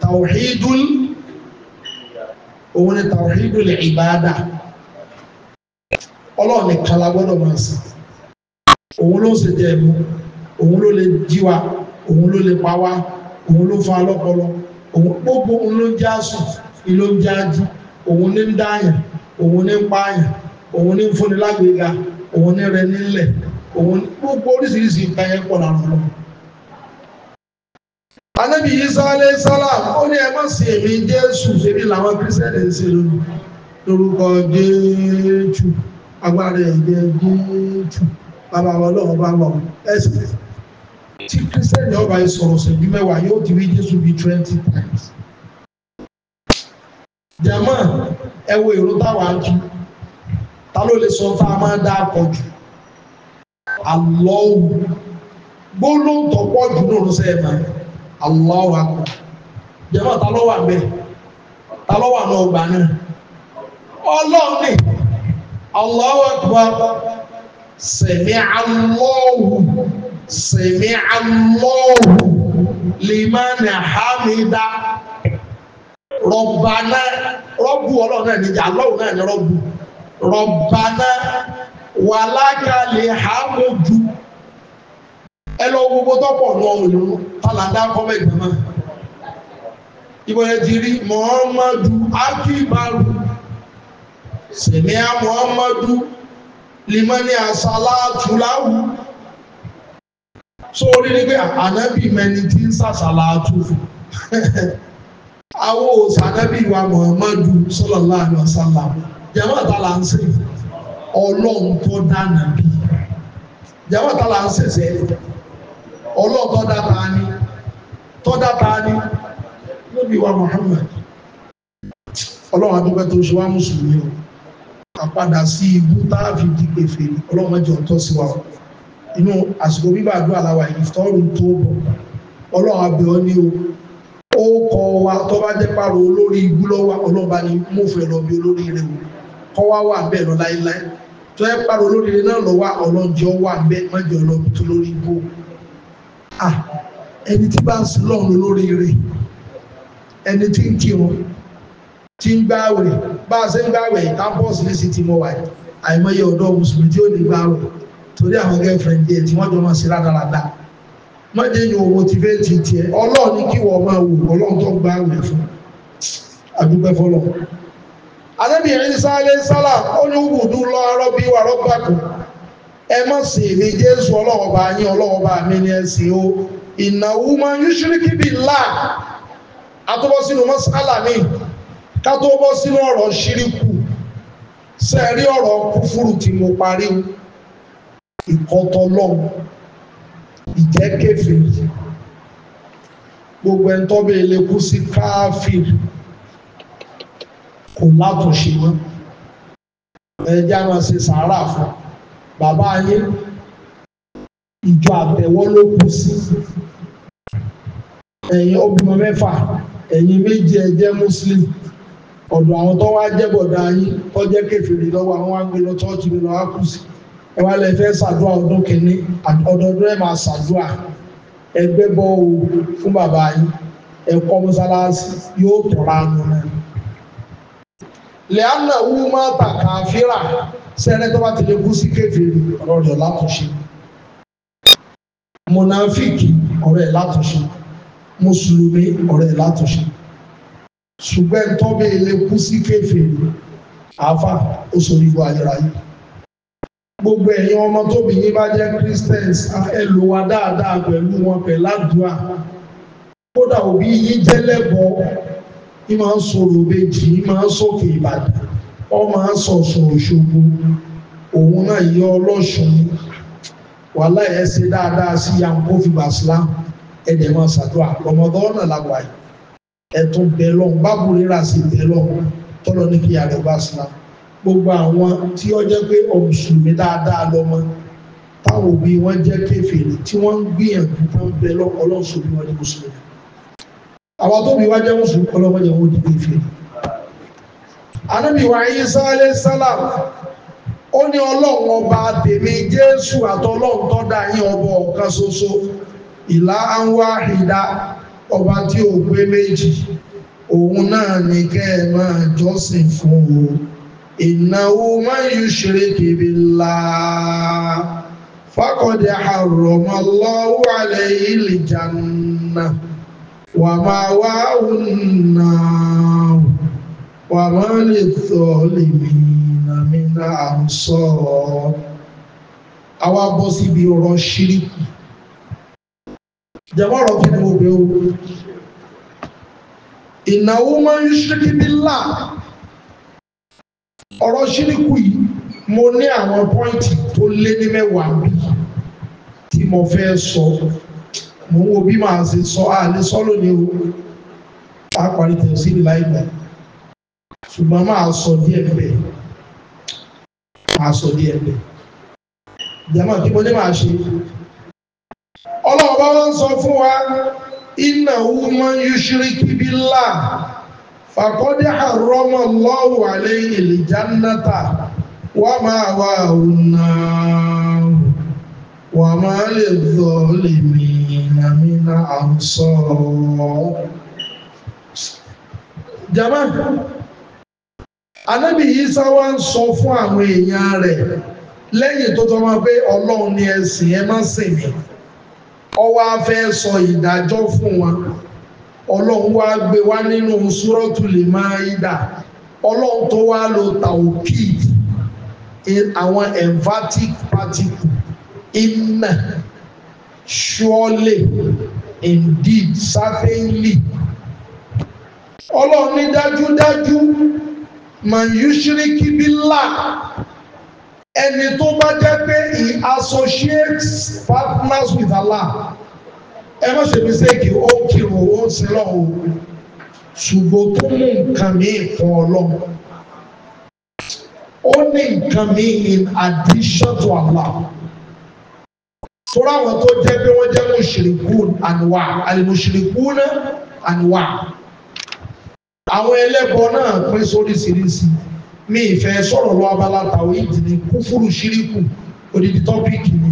Speaker 1: tawhidul òun ni tawhidul ìbáadà ọlọ́run nìkan la gbọ́dọ̀ máa sìn òun ló ń ṣe jẹ ẹ̀mú òun ló lè jí wa òun ló lè pa wá òun ló fa lọ́pọlọ òun gbogbo òun ló ń já sùn ìlú ń jájú òun ní ń dáyàn òun ní ń pààyàn òun ní ń fúnni lágbèéga òun ní rẹ nílẹ̀ òun gbogbo oríṣiríṣi ìtayẹ pọ̀ lára ọlọ́run anabi isa alayhi salam ẹ má sìn èmi jésù èmi làwọn kírísítẹ́nì ń ṣe lónìí lórúkọ jésù agbára ẹ̀jẹ̀ jésù bàbá wa ọlọ́run bá wà ẹ̀sìn tí kírísítẹ́nì ọba yìí sọ̀rọ̀ ṣẹ́jú mẹ́wàá yóò ti wí jésù bíi twenty times. jama ẹ wo èrò táwa ń tu ta ló lè sọ fún a máa dá akọ jù náà ló sẹ́yìn máa. Allahu akbar jẹ́mọ́ ta ló wà ńbẹ̀ ta ló wà ní ọgbà náà ọlọ́run ni Allahu akbar sami'a Allahu sami'a Allahu liman hamida rọ̀bàná rọ́bù ọlọ́run náà níjà lọ́run náà ní rọ́bù rọ̀bàná wàlákàlẹ̀ hàmójú ẹ lọ gbogbo tọ́pọ̀ lọ òyìnbó tàlàdá kọ́mẹ̀tì náà ìbọ̀yẹ̀ ti rí Muhammadu Akibaru sẹ̀míà Muhammadu limani asalatulahu so orí ni pé ànábì mẹni tí ń sàṣàlátù fún [laughs] àwọn òsànábì wa Muhammadu sallallahu alaihi wasallam jẹ́wọ́n àtàlà ń sè ọlọ́run tó dáná bí jẹ́wọ́n àtàlà ń sẹ̀sẹ̀ ọlọ́ọ̀tọ́ dábàá ni tọ́ dábàá ni lóbi wa Muhammad ọlọ́run adúgbẹ́ tó ṣe wá mùsùlùmí o àpadà sí ibú táàfì dìgbè fèrè ọlọ́run ẹjọ́ tọ́ sí wa inú àsìkò gbígbàdúrà làwà ìfọ́rù tó bọ̀ ọlọ́run abẹ́ ọ ní o ó kọ wa tó bá jẹ́ pàrọ̀ olórí ibú lọ́wọ́ ọlọ́run bá ní fẹ́ lọ bí olórí rẹ o kọ́ wá wà bẹ́ẹ̀ lọ láéláé tó yẹ pàrọ̀ olórí rẹ náà lọ́wọ́ ọlọ́run jẹ́ wà bẹ́ẹ̀ mọ́jọ́ lọ bí tó lórí ibú ah ẹni tí bá ń sin lọ́run lórí rẹ̀ ẹni tí ń kírun tí ń gbààwẹ̀ bá a ṣe ń gbààwẹ̀ campus lẹ́sìn tí mo wà àìmọye ọ̀dọ́ mùsùlùmí tí ó lè gbààwẹ̀ torí àwọn girlfriend yẹn tí wọ́n jọ máa ṣe rádaràda má jẹ́ yín owó tí fẹ́ẹ́ ti tiẹ̀ ọlọ́run ní kí wọ́n máa wò ọlọ́run tó gbààwẹ̀ fún àdúgbẹ́ fọlọ́. àdébìyẹn sáré sálà ó ní wùdú lọ́ọ́ ẹ má sì rí jésù ọlọ́wọ́ bá yín ọlọ́wọ́ bá mi ní ẹ̀sìn o ìnáwó máa ń yún ṣíríkì bíi ńlá àtọ́bọ́ sínú mọ́sálà mi ká tó bọ́ sínú ọ̀rọ̀ ṣíríkù sẹ́ẹ̀rí ọ̀rọ̀ kúfúrú tí mo parí ìkọ́tọ́lọ́ ìjẹ́kẹ̀fẹ̀ gbogbo ẹ̀ ń tọ́bẹ̀ ilé sí káfíìrì kò látúnṣe mọ́ ẹ̀já máa ṣe sàárà fún un bàbá yín ìjọ àtẹ̀wọ́ ló kù sí ẹ̀yin ọbìmọ mẹ́fà ẹ̀yin méjì ẹ jẹ́ muslim ọ̀dọ̀ àwọn tó wá jẹ́ bọ̀dá yín tó jẹ́ kẹfìrì lọ́wọ́ àwọn wá gbé lọ tọ́ọ̀tù mi lọ́wọ́ kù sí ẹ wá lẹ fẹ́ ṣàdúrà ọdún kìíní ọdọọdún ẹ máa ṣàdúrà ẹgbẹ́ bọ́ òògùn fún bàbá yín ẹ̀kọ́ mọ́sálásí yóò tọ́ra nù náà lẹ́yìnà wúmọ́ tàkà fíra sẹ́rẹ́ tó bá ti lè kú sí kéfìrí ọ̀rọ̀ rẹ̀ látúnṣe mọ̀nàfíìkì ọ̀rọ̀ ẹ̀ látúnṣe mùsùlùmí ọ̀rọ̀ ẹ̀ látúnṣe ṣùgbọ́n tọ́bẹ̀ ilé kú sí kéfìrí àáfà ó sọ̀rọ̀ ìwà ayérayé gbogbo ẹ̀yin ọmọ tóbi yín bá jẹ́ Christians ẹ dáadáa pẹ̀lú wọn pẹ̀lú kódà òbí yín jẹ́lẹ́bọ̀ọ́ ní máa ń sọ̀rọ̀ méjì ní máa ń sọ̀kè ìbàdàn ọ máa ń sọ̀sùn òṣogbo òun náà yẹ ọlọ́sùn wàhálà ẹ̀ ṣe dáadáa sí yankó fìgbà sílámù ẹ̀dẹ̀ máa ṣàdúrà ọmọdé ọ̀nà làwà yìí ẹ̀tún bẹ̀ lọ́hùn bábù rírà sí bẹ̀ lọ́hùn tọ́lọ́ ní kí ààrẹ bá gbogbo àwọn tí ó jẹ́ pé ọmọ dáadáa lọ́mọ táwọn òbí wọn jẹ́ kéfèrè tí wọ́n ń gbìyànjú tó ń bẹ lọ́kọ́ bí wọ́n ní mùsùlùmí àwọn tó bí wá jẹ́ mùsùlùmí ọlọ́mọ yẹn wọ́n dìbò ìfẹ́ anábìwá yín sálàm ó ní ọlọ́run ọba tèmi jésù àtọlọ́run tó dá yín ọba ọ̀kan ṣoṣo ìlà anwa ìdá ọba tí ò gbé méjì òun náà ní kẹ́ ẹ máa jọ́sìn fún o ìnáwó máa ṣeré kébé la fákọ̀dé àrọ̀mọ́ àlẹ́ yìí jàǹnà. ومأواهن وما للظالمين من أنصار àwa bọ́ síbi ọ̀rọ̀ ṣíríkù jẹ́wọ́ ọ̀rọ̀ kí ni mo bẹ̀ o ìnáwó máa ń ṣíríkì bílà ọ̀rọ̀ ṣíríkù yìí mo ní àwọn pọ́ìntì tó lé ní mẹ́wàá bí tí mo fẹ́ sọ. So mo ń wo bí màá ṣe sọ àlẹ́ sọ lónìí o a parí tẹ̀sí láìpẹ́ ṣùgbọ́n máa sọ díẹ̀ bẹ́ẹ̀ máa sọ díẹ̀ bẹ́ẹ̀ jama kí mo ní máa ṣe ọlọ́run bá sọ fún wa innahu man yushrik billah faqad harrama Allahu alayhi al-jannata wa ma'wahu an-nar wa ma lil-zalimin. من أنصار جماعة Ànábì Ìsá wá ń sọ fún àwọn èèyàn rẹ̀ lẹ́yìn tó tọ́ máa pé Ọlọ́run ni ẹ sìn ẹ má sìn mí ó wá fẹ́ sọ ìdájọ́ fún wọn Ọlọ́run wá gbé wá nínú Suratul Maida Ọlọ́run tó wá lo tàwùkì àwọn emphatic particle inna surely indeed certainly ọlọ́run ní dájúdájú man yushiriki billah ẹni tó bá jẹ́ pé he associates partners with Allah ẹ má ṣe mistake ó kírun ó ń sin lọ́hùn ṣùgbọ́n tó mú nǹkan míì fún ọlọ́run ó ní nǹkan míì in addition to Allah torí àwọn tó jẹ́ pé wọ́n jẹ́ mushrikun àníwá al-mushrikun àníwá àwọn ẹlẹ́bọ náà pín sóríṣiríṣi mi ìfẹ́ sọ̀rọ̀ lọ abala tàwọn ìdìní kúfúrú ṣíríkù odidi tọ́pìkì ni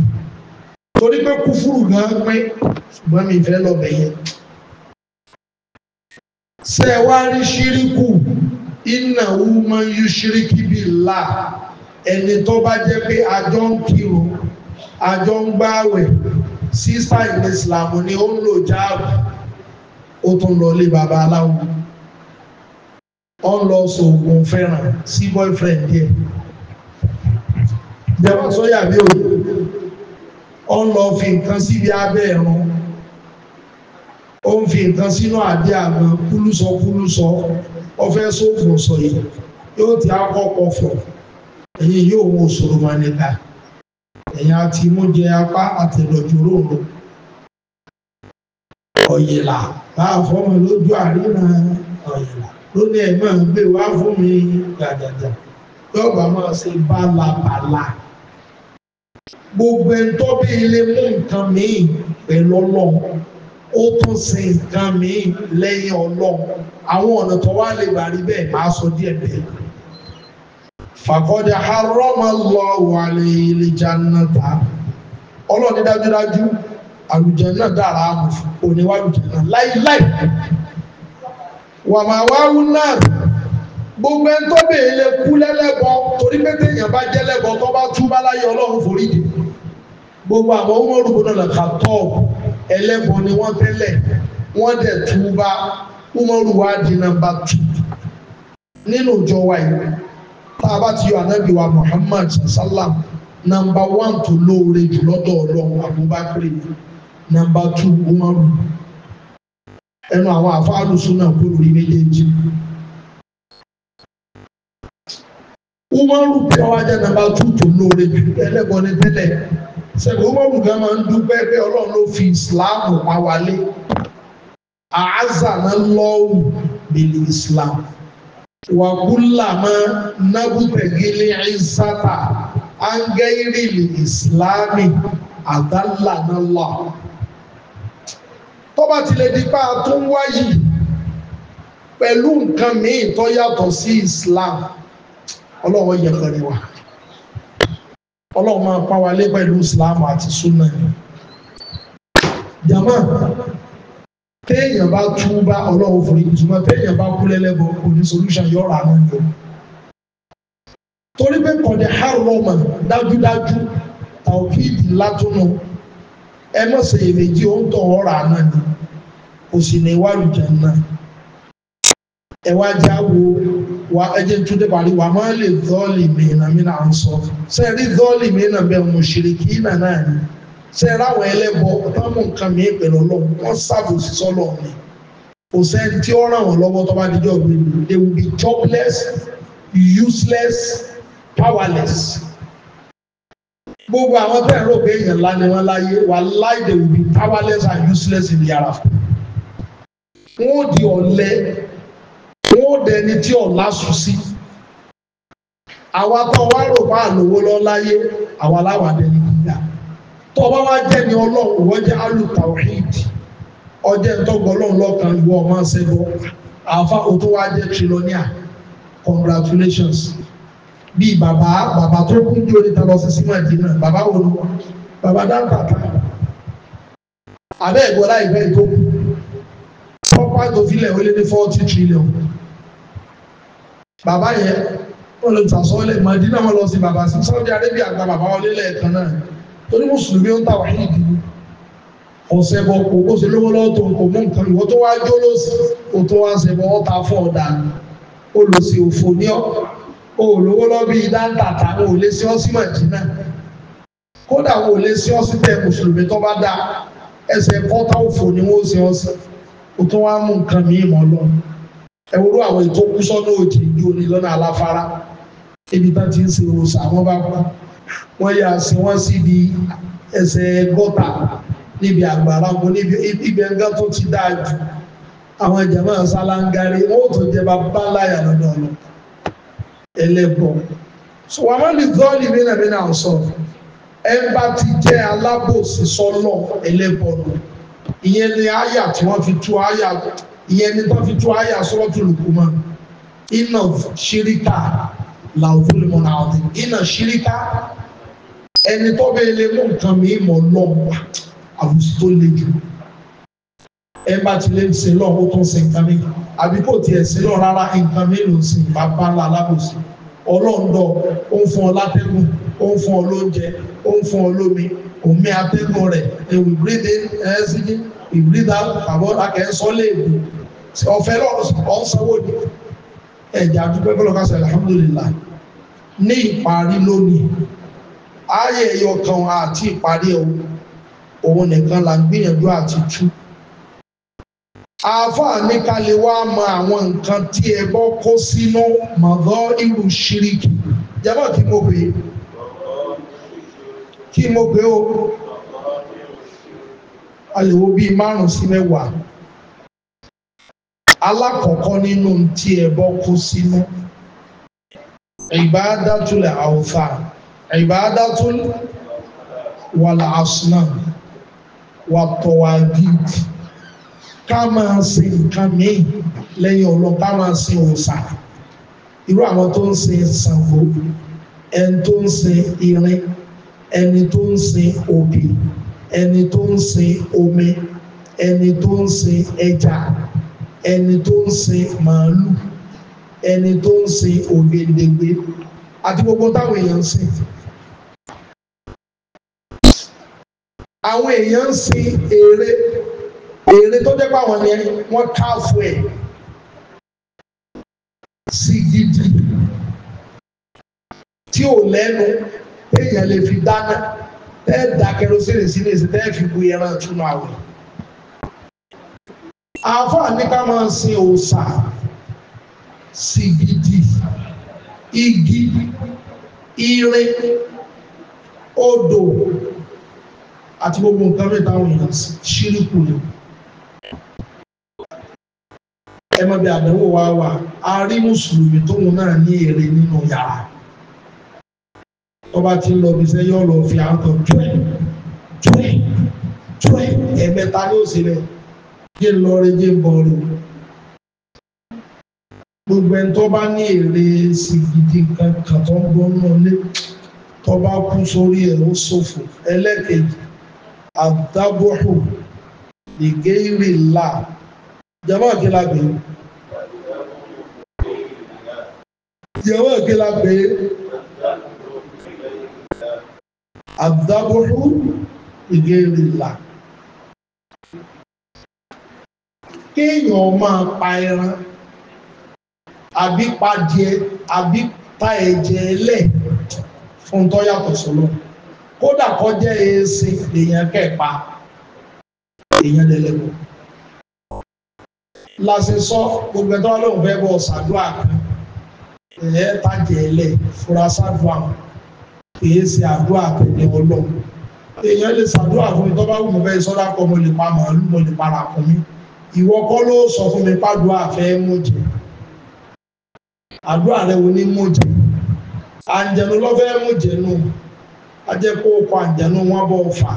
Speaker 1: torí pé kúfúrú gan pín ṣùgbọ́n mi ìfẹ́ lọ bẹ̀yẹn. ṣé ẹ wá rí ṣíríkù innahu man yushriku billah ẹni tó bá jẹ́ pé a ń kírun àjọ ń gbààwẹ̀ sísá ìlú Islam ni ó ń lò jáàbù ó tún lọ lé baba aláwo ó ń lọ sògùn fẹ́ràn sí boyfriend yẹ jẹ́wọ́ sọ́yà bí o ó ń lọ fi nǹkan síbi abẹ́ ẹ̀rọ ó ń fi nǹkan sínú àdé àgbọn kúlúsọ kúlúsọ ọfẹ sófò sọ yìí yóò ti akọkọ fọ èyí yóò wọ sòrò wọn ẹ̀yìn àti mújẹ apá àtẹ̀lọ́jú róòrò ọ̀yẹ̀là bá a fọ́mọ lójú àríran ọ̀yẹ̀là lónìí ẹ̀ máa ń gbé wá fún mi gàdàdà yọ̀bà máa ṣe bálabàlà gbogbo ẹni tó bí ilé mú nǹkan míì pẹ̀lú ọlọ́run ó tún sin nǹkan míì lẹ́yìn ọlọ́run àwọn ọ̀nà tó wá lè gbà rí bẹ́ẹ̀ máa sọ díẹ̀ bẹ́ẹ̀ fàkọ́dẹ̀ harramallahu alayhi aljannata ọlọ́ọ̀ni dájúdájú àlùjànnà dára àmọ̀ òníwá àlùjànnà láíláí wà máa wá wú náà gbogbo ẹni tó bèè lè kú lẹ́lẹ́bọ torí pé téèyàn bá jẹ́ lẹ́bọ tó bá túbá láyé ọlọ́run foríjì gbogbo àwọn ọmọ orúkọ náà lè kà tọ́ ẹlẹ́bọ ni wọ́n tẹ́lẹ̀ wọ́n dẹ̀ túbá ọmọ orúkọ wa di nàmbà tù nínú ìjọ wa yìí tá a bá ti yọ ànábì wa Muhammad sallam namba one tó lóore jù lọ́dọ̀ Abubakar namba two Umaru ẹnu àwọn àfáàlù súnà na lórí méjèèjì. Umaru pé wá jẹ́ nàmbà two tó lóore jù ẹlẹ́gbọ́n ní tẹ́lẹ̀ Umaru gan máa ń pé ló fi pa wálé àázà náà lọ́wọ́ wàkúlàmọ́ nábùtẹ̀gílé ìsáta ángẹ́rìlì ìsìláàmì àdálànàlá tó bá ti lè di pa tó ń wáyì pẹ̀lú nǹkan míì tó yàtọ̀ sí islam ọlọ́wọ́ yẹpẹrẹ wa ọlọ́wọ́ máa pa wa lé pẹ̀lú islam àti súnà jama téèyàn bá túbá ọlọ́run forí ìtumọ̀ téèyàn bá kú lẹ́lẹ́bọ̀ òní solution yọ̀ọ̀rọ̀ àánú ni o. torí pé kọ̀dẹ̀ harroma dájúdájú tàwọ́kìdì látúnú ẹ mọ̀ sí èrèjì ó ń tọ̀ ọ̀rọ̀ ni kò sì ní jẹun náà. ẹ wá já wo wa ẹjẹ tún wa máa lè dọ́ọ̀lì mìíràn mìíràn à ń sọ dọ́ọ̀lì mìíràn bẹ́ẹ̀ ṣe ráwọn ẹlẹ́bọ bá mú nǹkan mi pẹ̀lú ọlọ́run wọ́n sáàbò sí sọ́lọ́ mi kò sẹ́ni tí ó ràn wọ́n lọ́wọ́ tó bá dijọ́ mi they will be jobless useless powerless. gbogbo àwọn tó ẹ̀rọ pé èèyàn ńlá ni wọ́n láyé wallahi they will be powerless and useless in the hereafter. wọ́n ó di ọ̀lẹ wọ́n ó dẹni tí ọ̀la sùn sí. àwa tó wá rò pa àlòwó lọ láyé àwa láwàá dẹni tó bá wá ni ọlọ́run wọ́n jẹ́ alutawhid ọjẹ́ tọ́gbọ́ ọlọ́run lọ́kàn ìwọ ọmọ ṣẹ́gbọ́ àfa òtó wá jẹ́ trilonia congratulations bíi bàbá bàbá tó kún jù oníta lọ sí símọ́ọ̀dì náà bàbá wo ni wọn bàbá dáńtàtà abẹ́ ìgbọ́lá ìgbẹ́ ìtókù pọ́pá tó fi lẹ̀ ó lé ní forty trillion bàbá yẹn wọ́n lè tàṣọ́lẹ̀ Mádínà wọn lọ sí bàbá sí Saudi Arabia gba bàbá wọlé lẹ́ẹ̀kan náà torí mùsùlùmí ń ta wàhálì ìdìbò ọ̀sẹ̀ bọ̀ kò ó ṣe lówó lọ́tọ̀ kò mú nǹkan ìwọ́n tó wá jó lọ́sí kò tó wá ṣe bọ̀ ọ́ta fún ọ̀dà olùsí òfò ní ọ́ olówó lọ́bí dáńtàtà ò lè sí ọ́ sí màjínà kódà ò lè sí ọ́ sí tẹ mùsùlùmí tó bá dáa ẹsẹ̀ kọ́tà òfò ni wọ́n ṣe ọ́ sí kò tó wá mú nǹkan mí mọ́ lọ ẹ wúrú àwọn ètò kú sọ́nà òjì ju onílọ́nà wọ́n yà sí wọ́n síbi ẹsẹ̀ gọ́tà níbi àgbàrá wọn níbi ìgbẹ́ngá tó ti dáa jù àwọn ìjàmbá sálángárì wọ́n tó jẹ bàbá láyà lọ́dọ̀ ọ̀nà ẹlẹ́bọ̀ so wà má lè gọ́ọ̀lì mìíràn mìíràn sọ ẹ bá ti jẹ́ alábòsí sọ́nà ẹlẹ́bọ̀ lọ ìyẹn ni àyà tí wọ́n fi tú àyà ìyẹn ni tó fi tú àyà sọ́rọ́ tó lùkù mọ́ iná ṣíríkà làwùjọ mọ náà ọtí iná ṣíríkà ẹni tó bẹ ilé mú nǹkan mi mọ lọ́wọ́ àbùsí tó le jù ẹ bá ti lè ṣe lọ́wọ́ tó ń ṣe nǹkan mi àbí kò tiẹ̀ sí lọ rárá nǹkan mi ló ń sìn bàbá ńlá alábòsí ọlọ́ńdọ̀ ó ń fún ọ látẹ́gùn ó ń fún ọ lóúnjẹ ó ń fún ọ lómi omi atẹ́gùn rẹ̀ ewu breathe in ẹ̀ẹ́sì ní ìbúrídà àbọ̀ akẹ́sọ́ lè bù ọ̀fẹ́ lọ́rùn ọ̀sánwó ni ẹ̀jẹ̀ àdúgbẹ́ kọ́lọ́kásẹ̀ alhamdulillah ní ìparí lónìí ayé ẹ̀yọ kan àti ìparí òun nìkan là ń gbìyànjú àti tú àáfàá ní ká lè wá mọ àwọn nǹkan tí ẹ bọ́ kó sínú mọ̀gọ́ irú ṣíríkì jẹ́bọ̀ kí mo pè é kí mo pè é o a lè wo bíi márùn-ún sí mẹ́wàá alákọ̀ọ́kọ́ nínú tí ẹbọ kú sínú ibadatul awfa ibadatul wàlà asnam wàtọ̀wàgid ká máa sin nǹkan mìíràn lẹ́yìn ọlọ́run ká máa sin òòṣà irú àwọn tó ń sin Ṣàngó ẹni tó ń se irin ẹni tó ń sin obì ẹni tó ń sin omi ẹni tó ń sin ẹja ẹni tó ń sin màálù ẹni tó ń sin ògèdègbè àti gbogbo táwọn èèyàn ń sin. àwọn èèyàn ń sin èrè èrè tó jẹ́ pàwọn yẹn wọ́n káàfù ẹ̀ sí gidi tí ò lẹ́nu téèyàn lè fi dáná tẹ́ẹ̀ dá kẹrosínì sínú èsì tẹ́ẹ̀ fi bu ẹran túnú àwẹ̀ àáfàá ní ká máa sin òòṣà sìgìdì igi ire odò àti gbogbo nǹkan mẹ́ta àwọn èèyàn ṣírìkù ni ẹ mọ̀ bí àdánwò wa wà a rí mùsùlùmí tóun náà ní èrè nínú yàrá ọba tí ń lọ bí sẹ́yìn ọ̀lọ́ fi àwọn kan jọ ẹ̀ jọ ẹ̀ jọ ẹ̀ ẹ̀mẹ́ta ní òsèlè jẹ́ lọ́rẹ́ jẹ́ bọ́ọ̀rù gbogbo ẹni tó bá ní èrè sìgìdì kankan tó ń gbọ́ náà lé tó bá kú sórí ẹ̀ ó ṣòfò ẹlẹ́kejì àdábòhù ìgéèrè là jàmá kí la pè é jàmá la pè é àdábòhù ìgéèrè là. kéèyàn máa pa ẹran àbí padìẹ àbí pa ẹ̀jẹ̀ ẹlẹ̀ fún tó yàtọ̀ sọ́lọ́ kódà kó jẹ́ ẹ̀sìn èèyàn kẹpa èèyàn lẹ́lẹ́gbọ́ láti sọ gbogbo ẹ̀tọ́ lóun fẹ́ bọ́ ṣàdúrà kan ẹ̀ẹ́ tàjẹ̀ ẹlẹ̀ fura ṣàdúrà kìí ṣe àdúrà pẹ̀lú ọlọ́run èèyàn lè ṣàdúrà fún mi tó bá wù mí bẹ́ẹ̀ sọ́dá kọ́ mo lè pa màálù mo lè para kùn mí ìwọ kọ́ ló sọ fún mi pàdùn àfẹ́ mọ̀jẹ̀ àdúrà rẹ wo ní mọ̀jẹ̀ àǹjẹ̀nu lọ́fẹ́ mọ̀jẹ̀ nù ajẹ́pọ̀ ọkọ̀ àǹjẹ̀nu wọn bọ̀ fà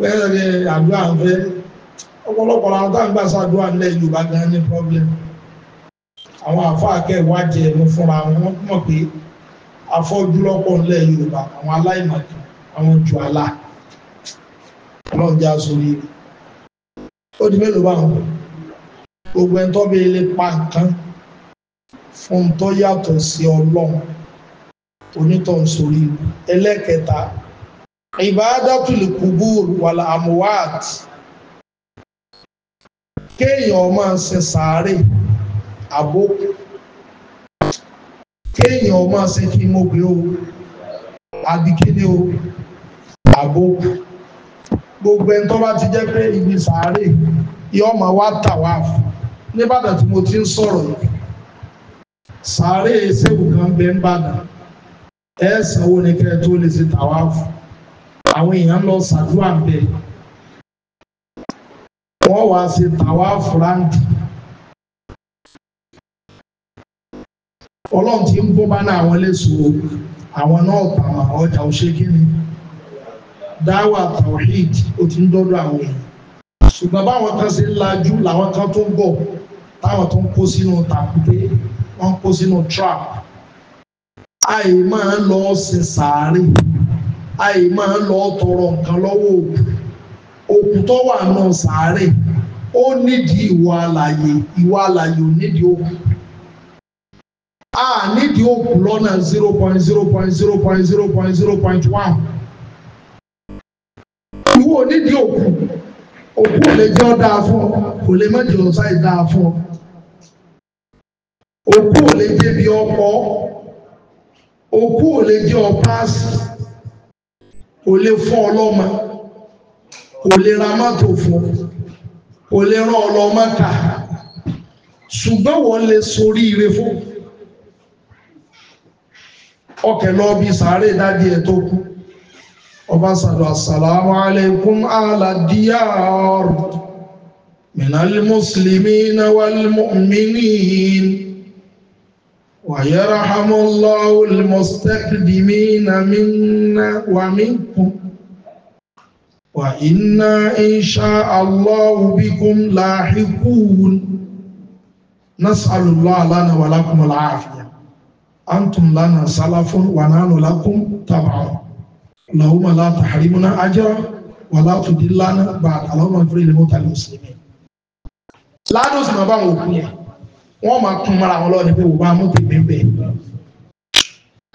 Speaker 1: wẹ́rẹ̀ àdúrà fẹ́ ọ̀pọ̀lọpọ̀ làwọn táwọn gbà sàdúrà nílẹ̀ Yorùbá gan ní pọ́blẹ́mù àwọn ẹnu fúnra wọn mọ̀ pé Yorùbá àwọn ó di mélòó bá wọn gbogbo ẹni tó bí ilé pa nǹkan fún tó yàtọ̀ sí ọlọ́run onítọ̀hún sórí ẹlẹ́kẹta ìbádátùlù kubur wàlà amuwaat kéèyàn máa ṣe sàárè àbókù kéèyàn máa ṣe kí mo o àbíkéde o àbókù. gbogbo ẹni tó bá ti jẹ́ pé ibi sàárè yóò máa wá tàwáàfù níbàdàn tí mo ti ń sọrọ yìí sàárè ṣéwù kan bẹ ń bàdàn ẹ sanwó ní kẹ́ ẹ tó lè ṣe tàwáàfù àwọn èèyàn lọ ṣàdúrà ń bẹ wọ́n wá ṣe tàwáàfù ráńdì ọlọ́run ti ń bó bá náà àwọn àwọn náà ọjà dáwà tawhid ó ti ń dọ́dọ̀ àwọn èèyàn ṣùgbọ́n báwọn kan ṣe ń lajú làwọn kan tó ń bọ̀ táwọn tó ń kó sínú tàkùté wọ́n ń kó sínú trap àì máa ń lọ ṣe sàárè àì máa ń lọ tọrọ nǹkan lọ́wọ́ òkú òkú tó wà náà sàárè ó nídìí ìwà àlàyé ìwà àlàyé ò nídìí òkú a nídìí òkú lọ́nà zero point zero point zero point zero point zero point one ìwọ onídìí òkú òkú ò lè jẹ́ ọ́ dáa fún ọ kò lè má jẹ́ ọ̀sá ìdáa fún ọ òkú ò lè jẹ́ bí ọkọ òkú ò lè jẹ́ ọ̀páàsì kò lè fún ọlọ́mọ kò lè ra mọ́tò fún kò lè rán ọlọ́mọ kà ṣùgbọ́n wọ́n lè sorí ire fún ọkẹ̀ lọ bí sàárè dádì ẹ̀ tó kú وبصدوا السلام عليكم على الديار من المسلمين والمؤمنين ويرحم الله المستخدمين منا ومنكم وإنا إن شاء الله بكم لاحقون نسأل الله لنا ولكم العافية أنتم لنا سلف ونحن لكم تبعون làwọn la tahrimuna ajra wàlá tó di lánà bá àwọn ọmọ ìfúrẹ́lẹ̀ mọ́ta ní mùsùlùmí. ládùn sì máa bá wọn òkú yẹn wọ́n máa tún mara wọn lọ́ọ̀dẹ pé wọ́n bá mú tèmi bẹ́ẹ̀.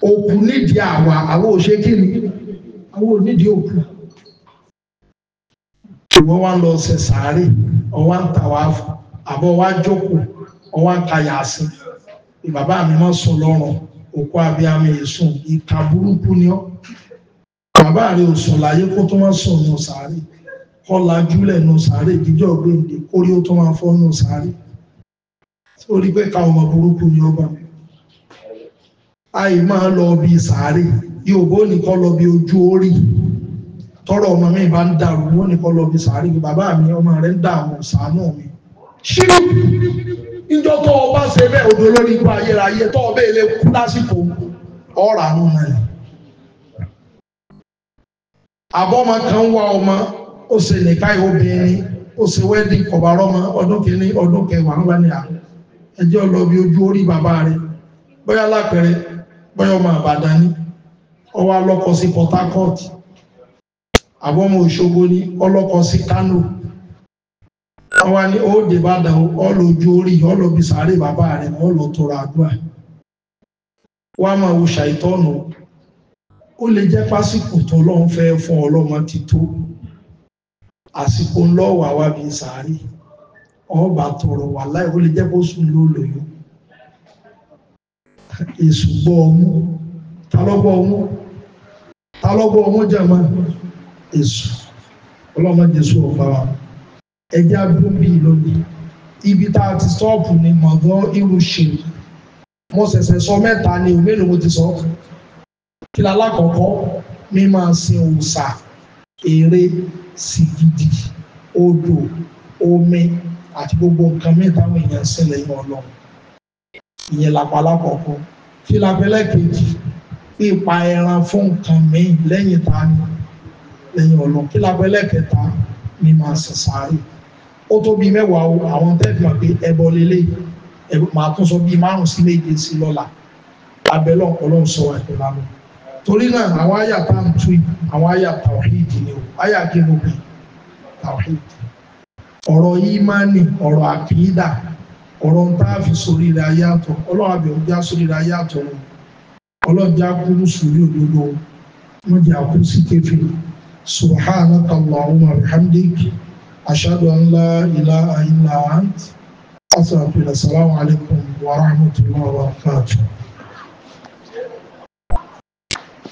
Speaker 1: òkú nídìí àwa àwọn òṣè kiri àwọn onídìí òkú. ìwọ wa ń lọ ṣe sàárè ọwọ́ ń tà wá àbọ̀ wá jókòó ọwọ́ ń ka yàásì. bàbá mi máa sùn lọ́rùn òkú abiyamọ èsùn ìka burúkú ni ọ́ bàbá rẹ̀ ò sùn láyé kó tó máa sùn nù sàárè kọ́ lajúlẹ̀ nù sàárè ìdíjọ́ gbèǹde kórí ó tó máa fọ́ nù sàárè sórí pé ká ọmọ burúkú ni ọba àì máa lọ bí sàárè yòòbó nìkan lọ bí ojú orí tọrọ ọmọ mi bá ń dàrú wọn nìkan lọ bí sàárè bàbá mi ọmọ rẹ ń dààmú ṣàánú mi ṣírù níjọ́ tó o bá ṣe bẹ́ẹ̀ odò lórí ikú ayérayé tó o bẹ́ẹ̀ lè kú lásìkò ọ̀rọ̀ àánú náà àbọ́mọ kan wá ọmọ ó ṣe nìka obìnrin ó ṣe wẹ́dí kọ̀bárọ́mọ ọdún kìíní ọdún kẹwàá ńlá ni àwọn ẹjẹ́ ọlọ́bí ojú orí bàbá bóyá lápẹ̀rẹ̀ bóyá ọmọ àbàdàn ni ọwọ́ alọ́kọ sí Port Harcourt ni ọlọ́kọ Kano àwa ni ó dé bàdàn ọlọ́jú orí sàárè bàbá àdúrà ó lè jẹ́ pásìkò tó lọ́n fẹ́ fún ọlọ́mọ ti tó àsìkò ńlọ́wà wá bí sàárì ọba tọrọ wà láì ó lè jẹ́ bó sùn ló lòyún èsù gbọ́ ọmú ta lọ́gbọ́ ọmú ta lọ́gbọ́ ọmú jẹ̀mọ́ èsù ọlọ́mọ jésù ọba wa ẹjẹ́ àdúgbò ìlọ́dì ibi tá a ti sọ́ọ̀pù ni mọ̀gán irú ṣe mo ṣẹ̀ṣẹ̀ sọ mẹ́ta ni mélòó mo ti sọ ọ́ kí la lákọ̀ọ́kọ́ mímọ sin òòṣà ère sìgìdì odò omi àti gbogbo nǹkan mìíràn táwọn èèyàn ń sìn lẹ́yìn ọlọ́run ìyẹn lápá lákọ̀ọ́kọ́ kí la fẹ́lẹ́ kejì pípa ẹran fún nǹkan mìíràn lẹ́yìn ta ni lẹ́yìn ọlọ́run kí la fẹ́lẹ́ kẹta mímọ sin sáré ó tó bíi mẹ́wàá o àwọn tẹ́gbọ̀n pé ẹbọ lélẹ̀ màá tún sọ bíi márùn sí méje sí lọ́la abẹ́lọ́ ọlọ́run sọ ẹ̀kọ́ lánàá torí náà àwọn àyà tá à ń tu àwọn àyà tàwíìdì ni o àyà kìlọ̀ bí tàwíìdì ọ̀rọ̀ ìmánì ọ̀rọ̀ àkìídà ọ̀rọ̀ tá a fi sórí rẹ̀ ayàtọ̀ ọlọ́run àbẹ̀ ọjà sórí rẹ̀ ayàtọ̀ wọn ọlọ́jà kúrú sórí òdodo wọn jẹ́ àkúrú sí kéfì subhanaka allahumma bihamdik ashhadu an la ilaha illa ant asalamu alaykum wa rahmatullahi wa barakatuh.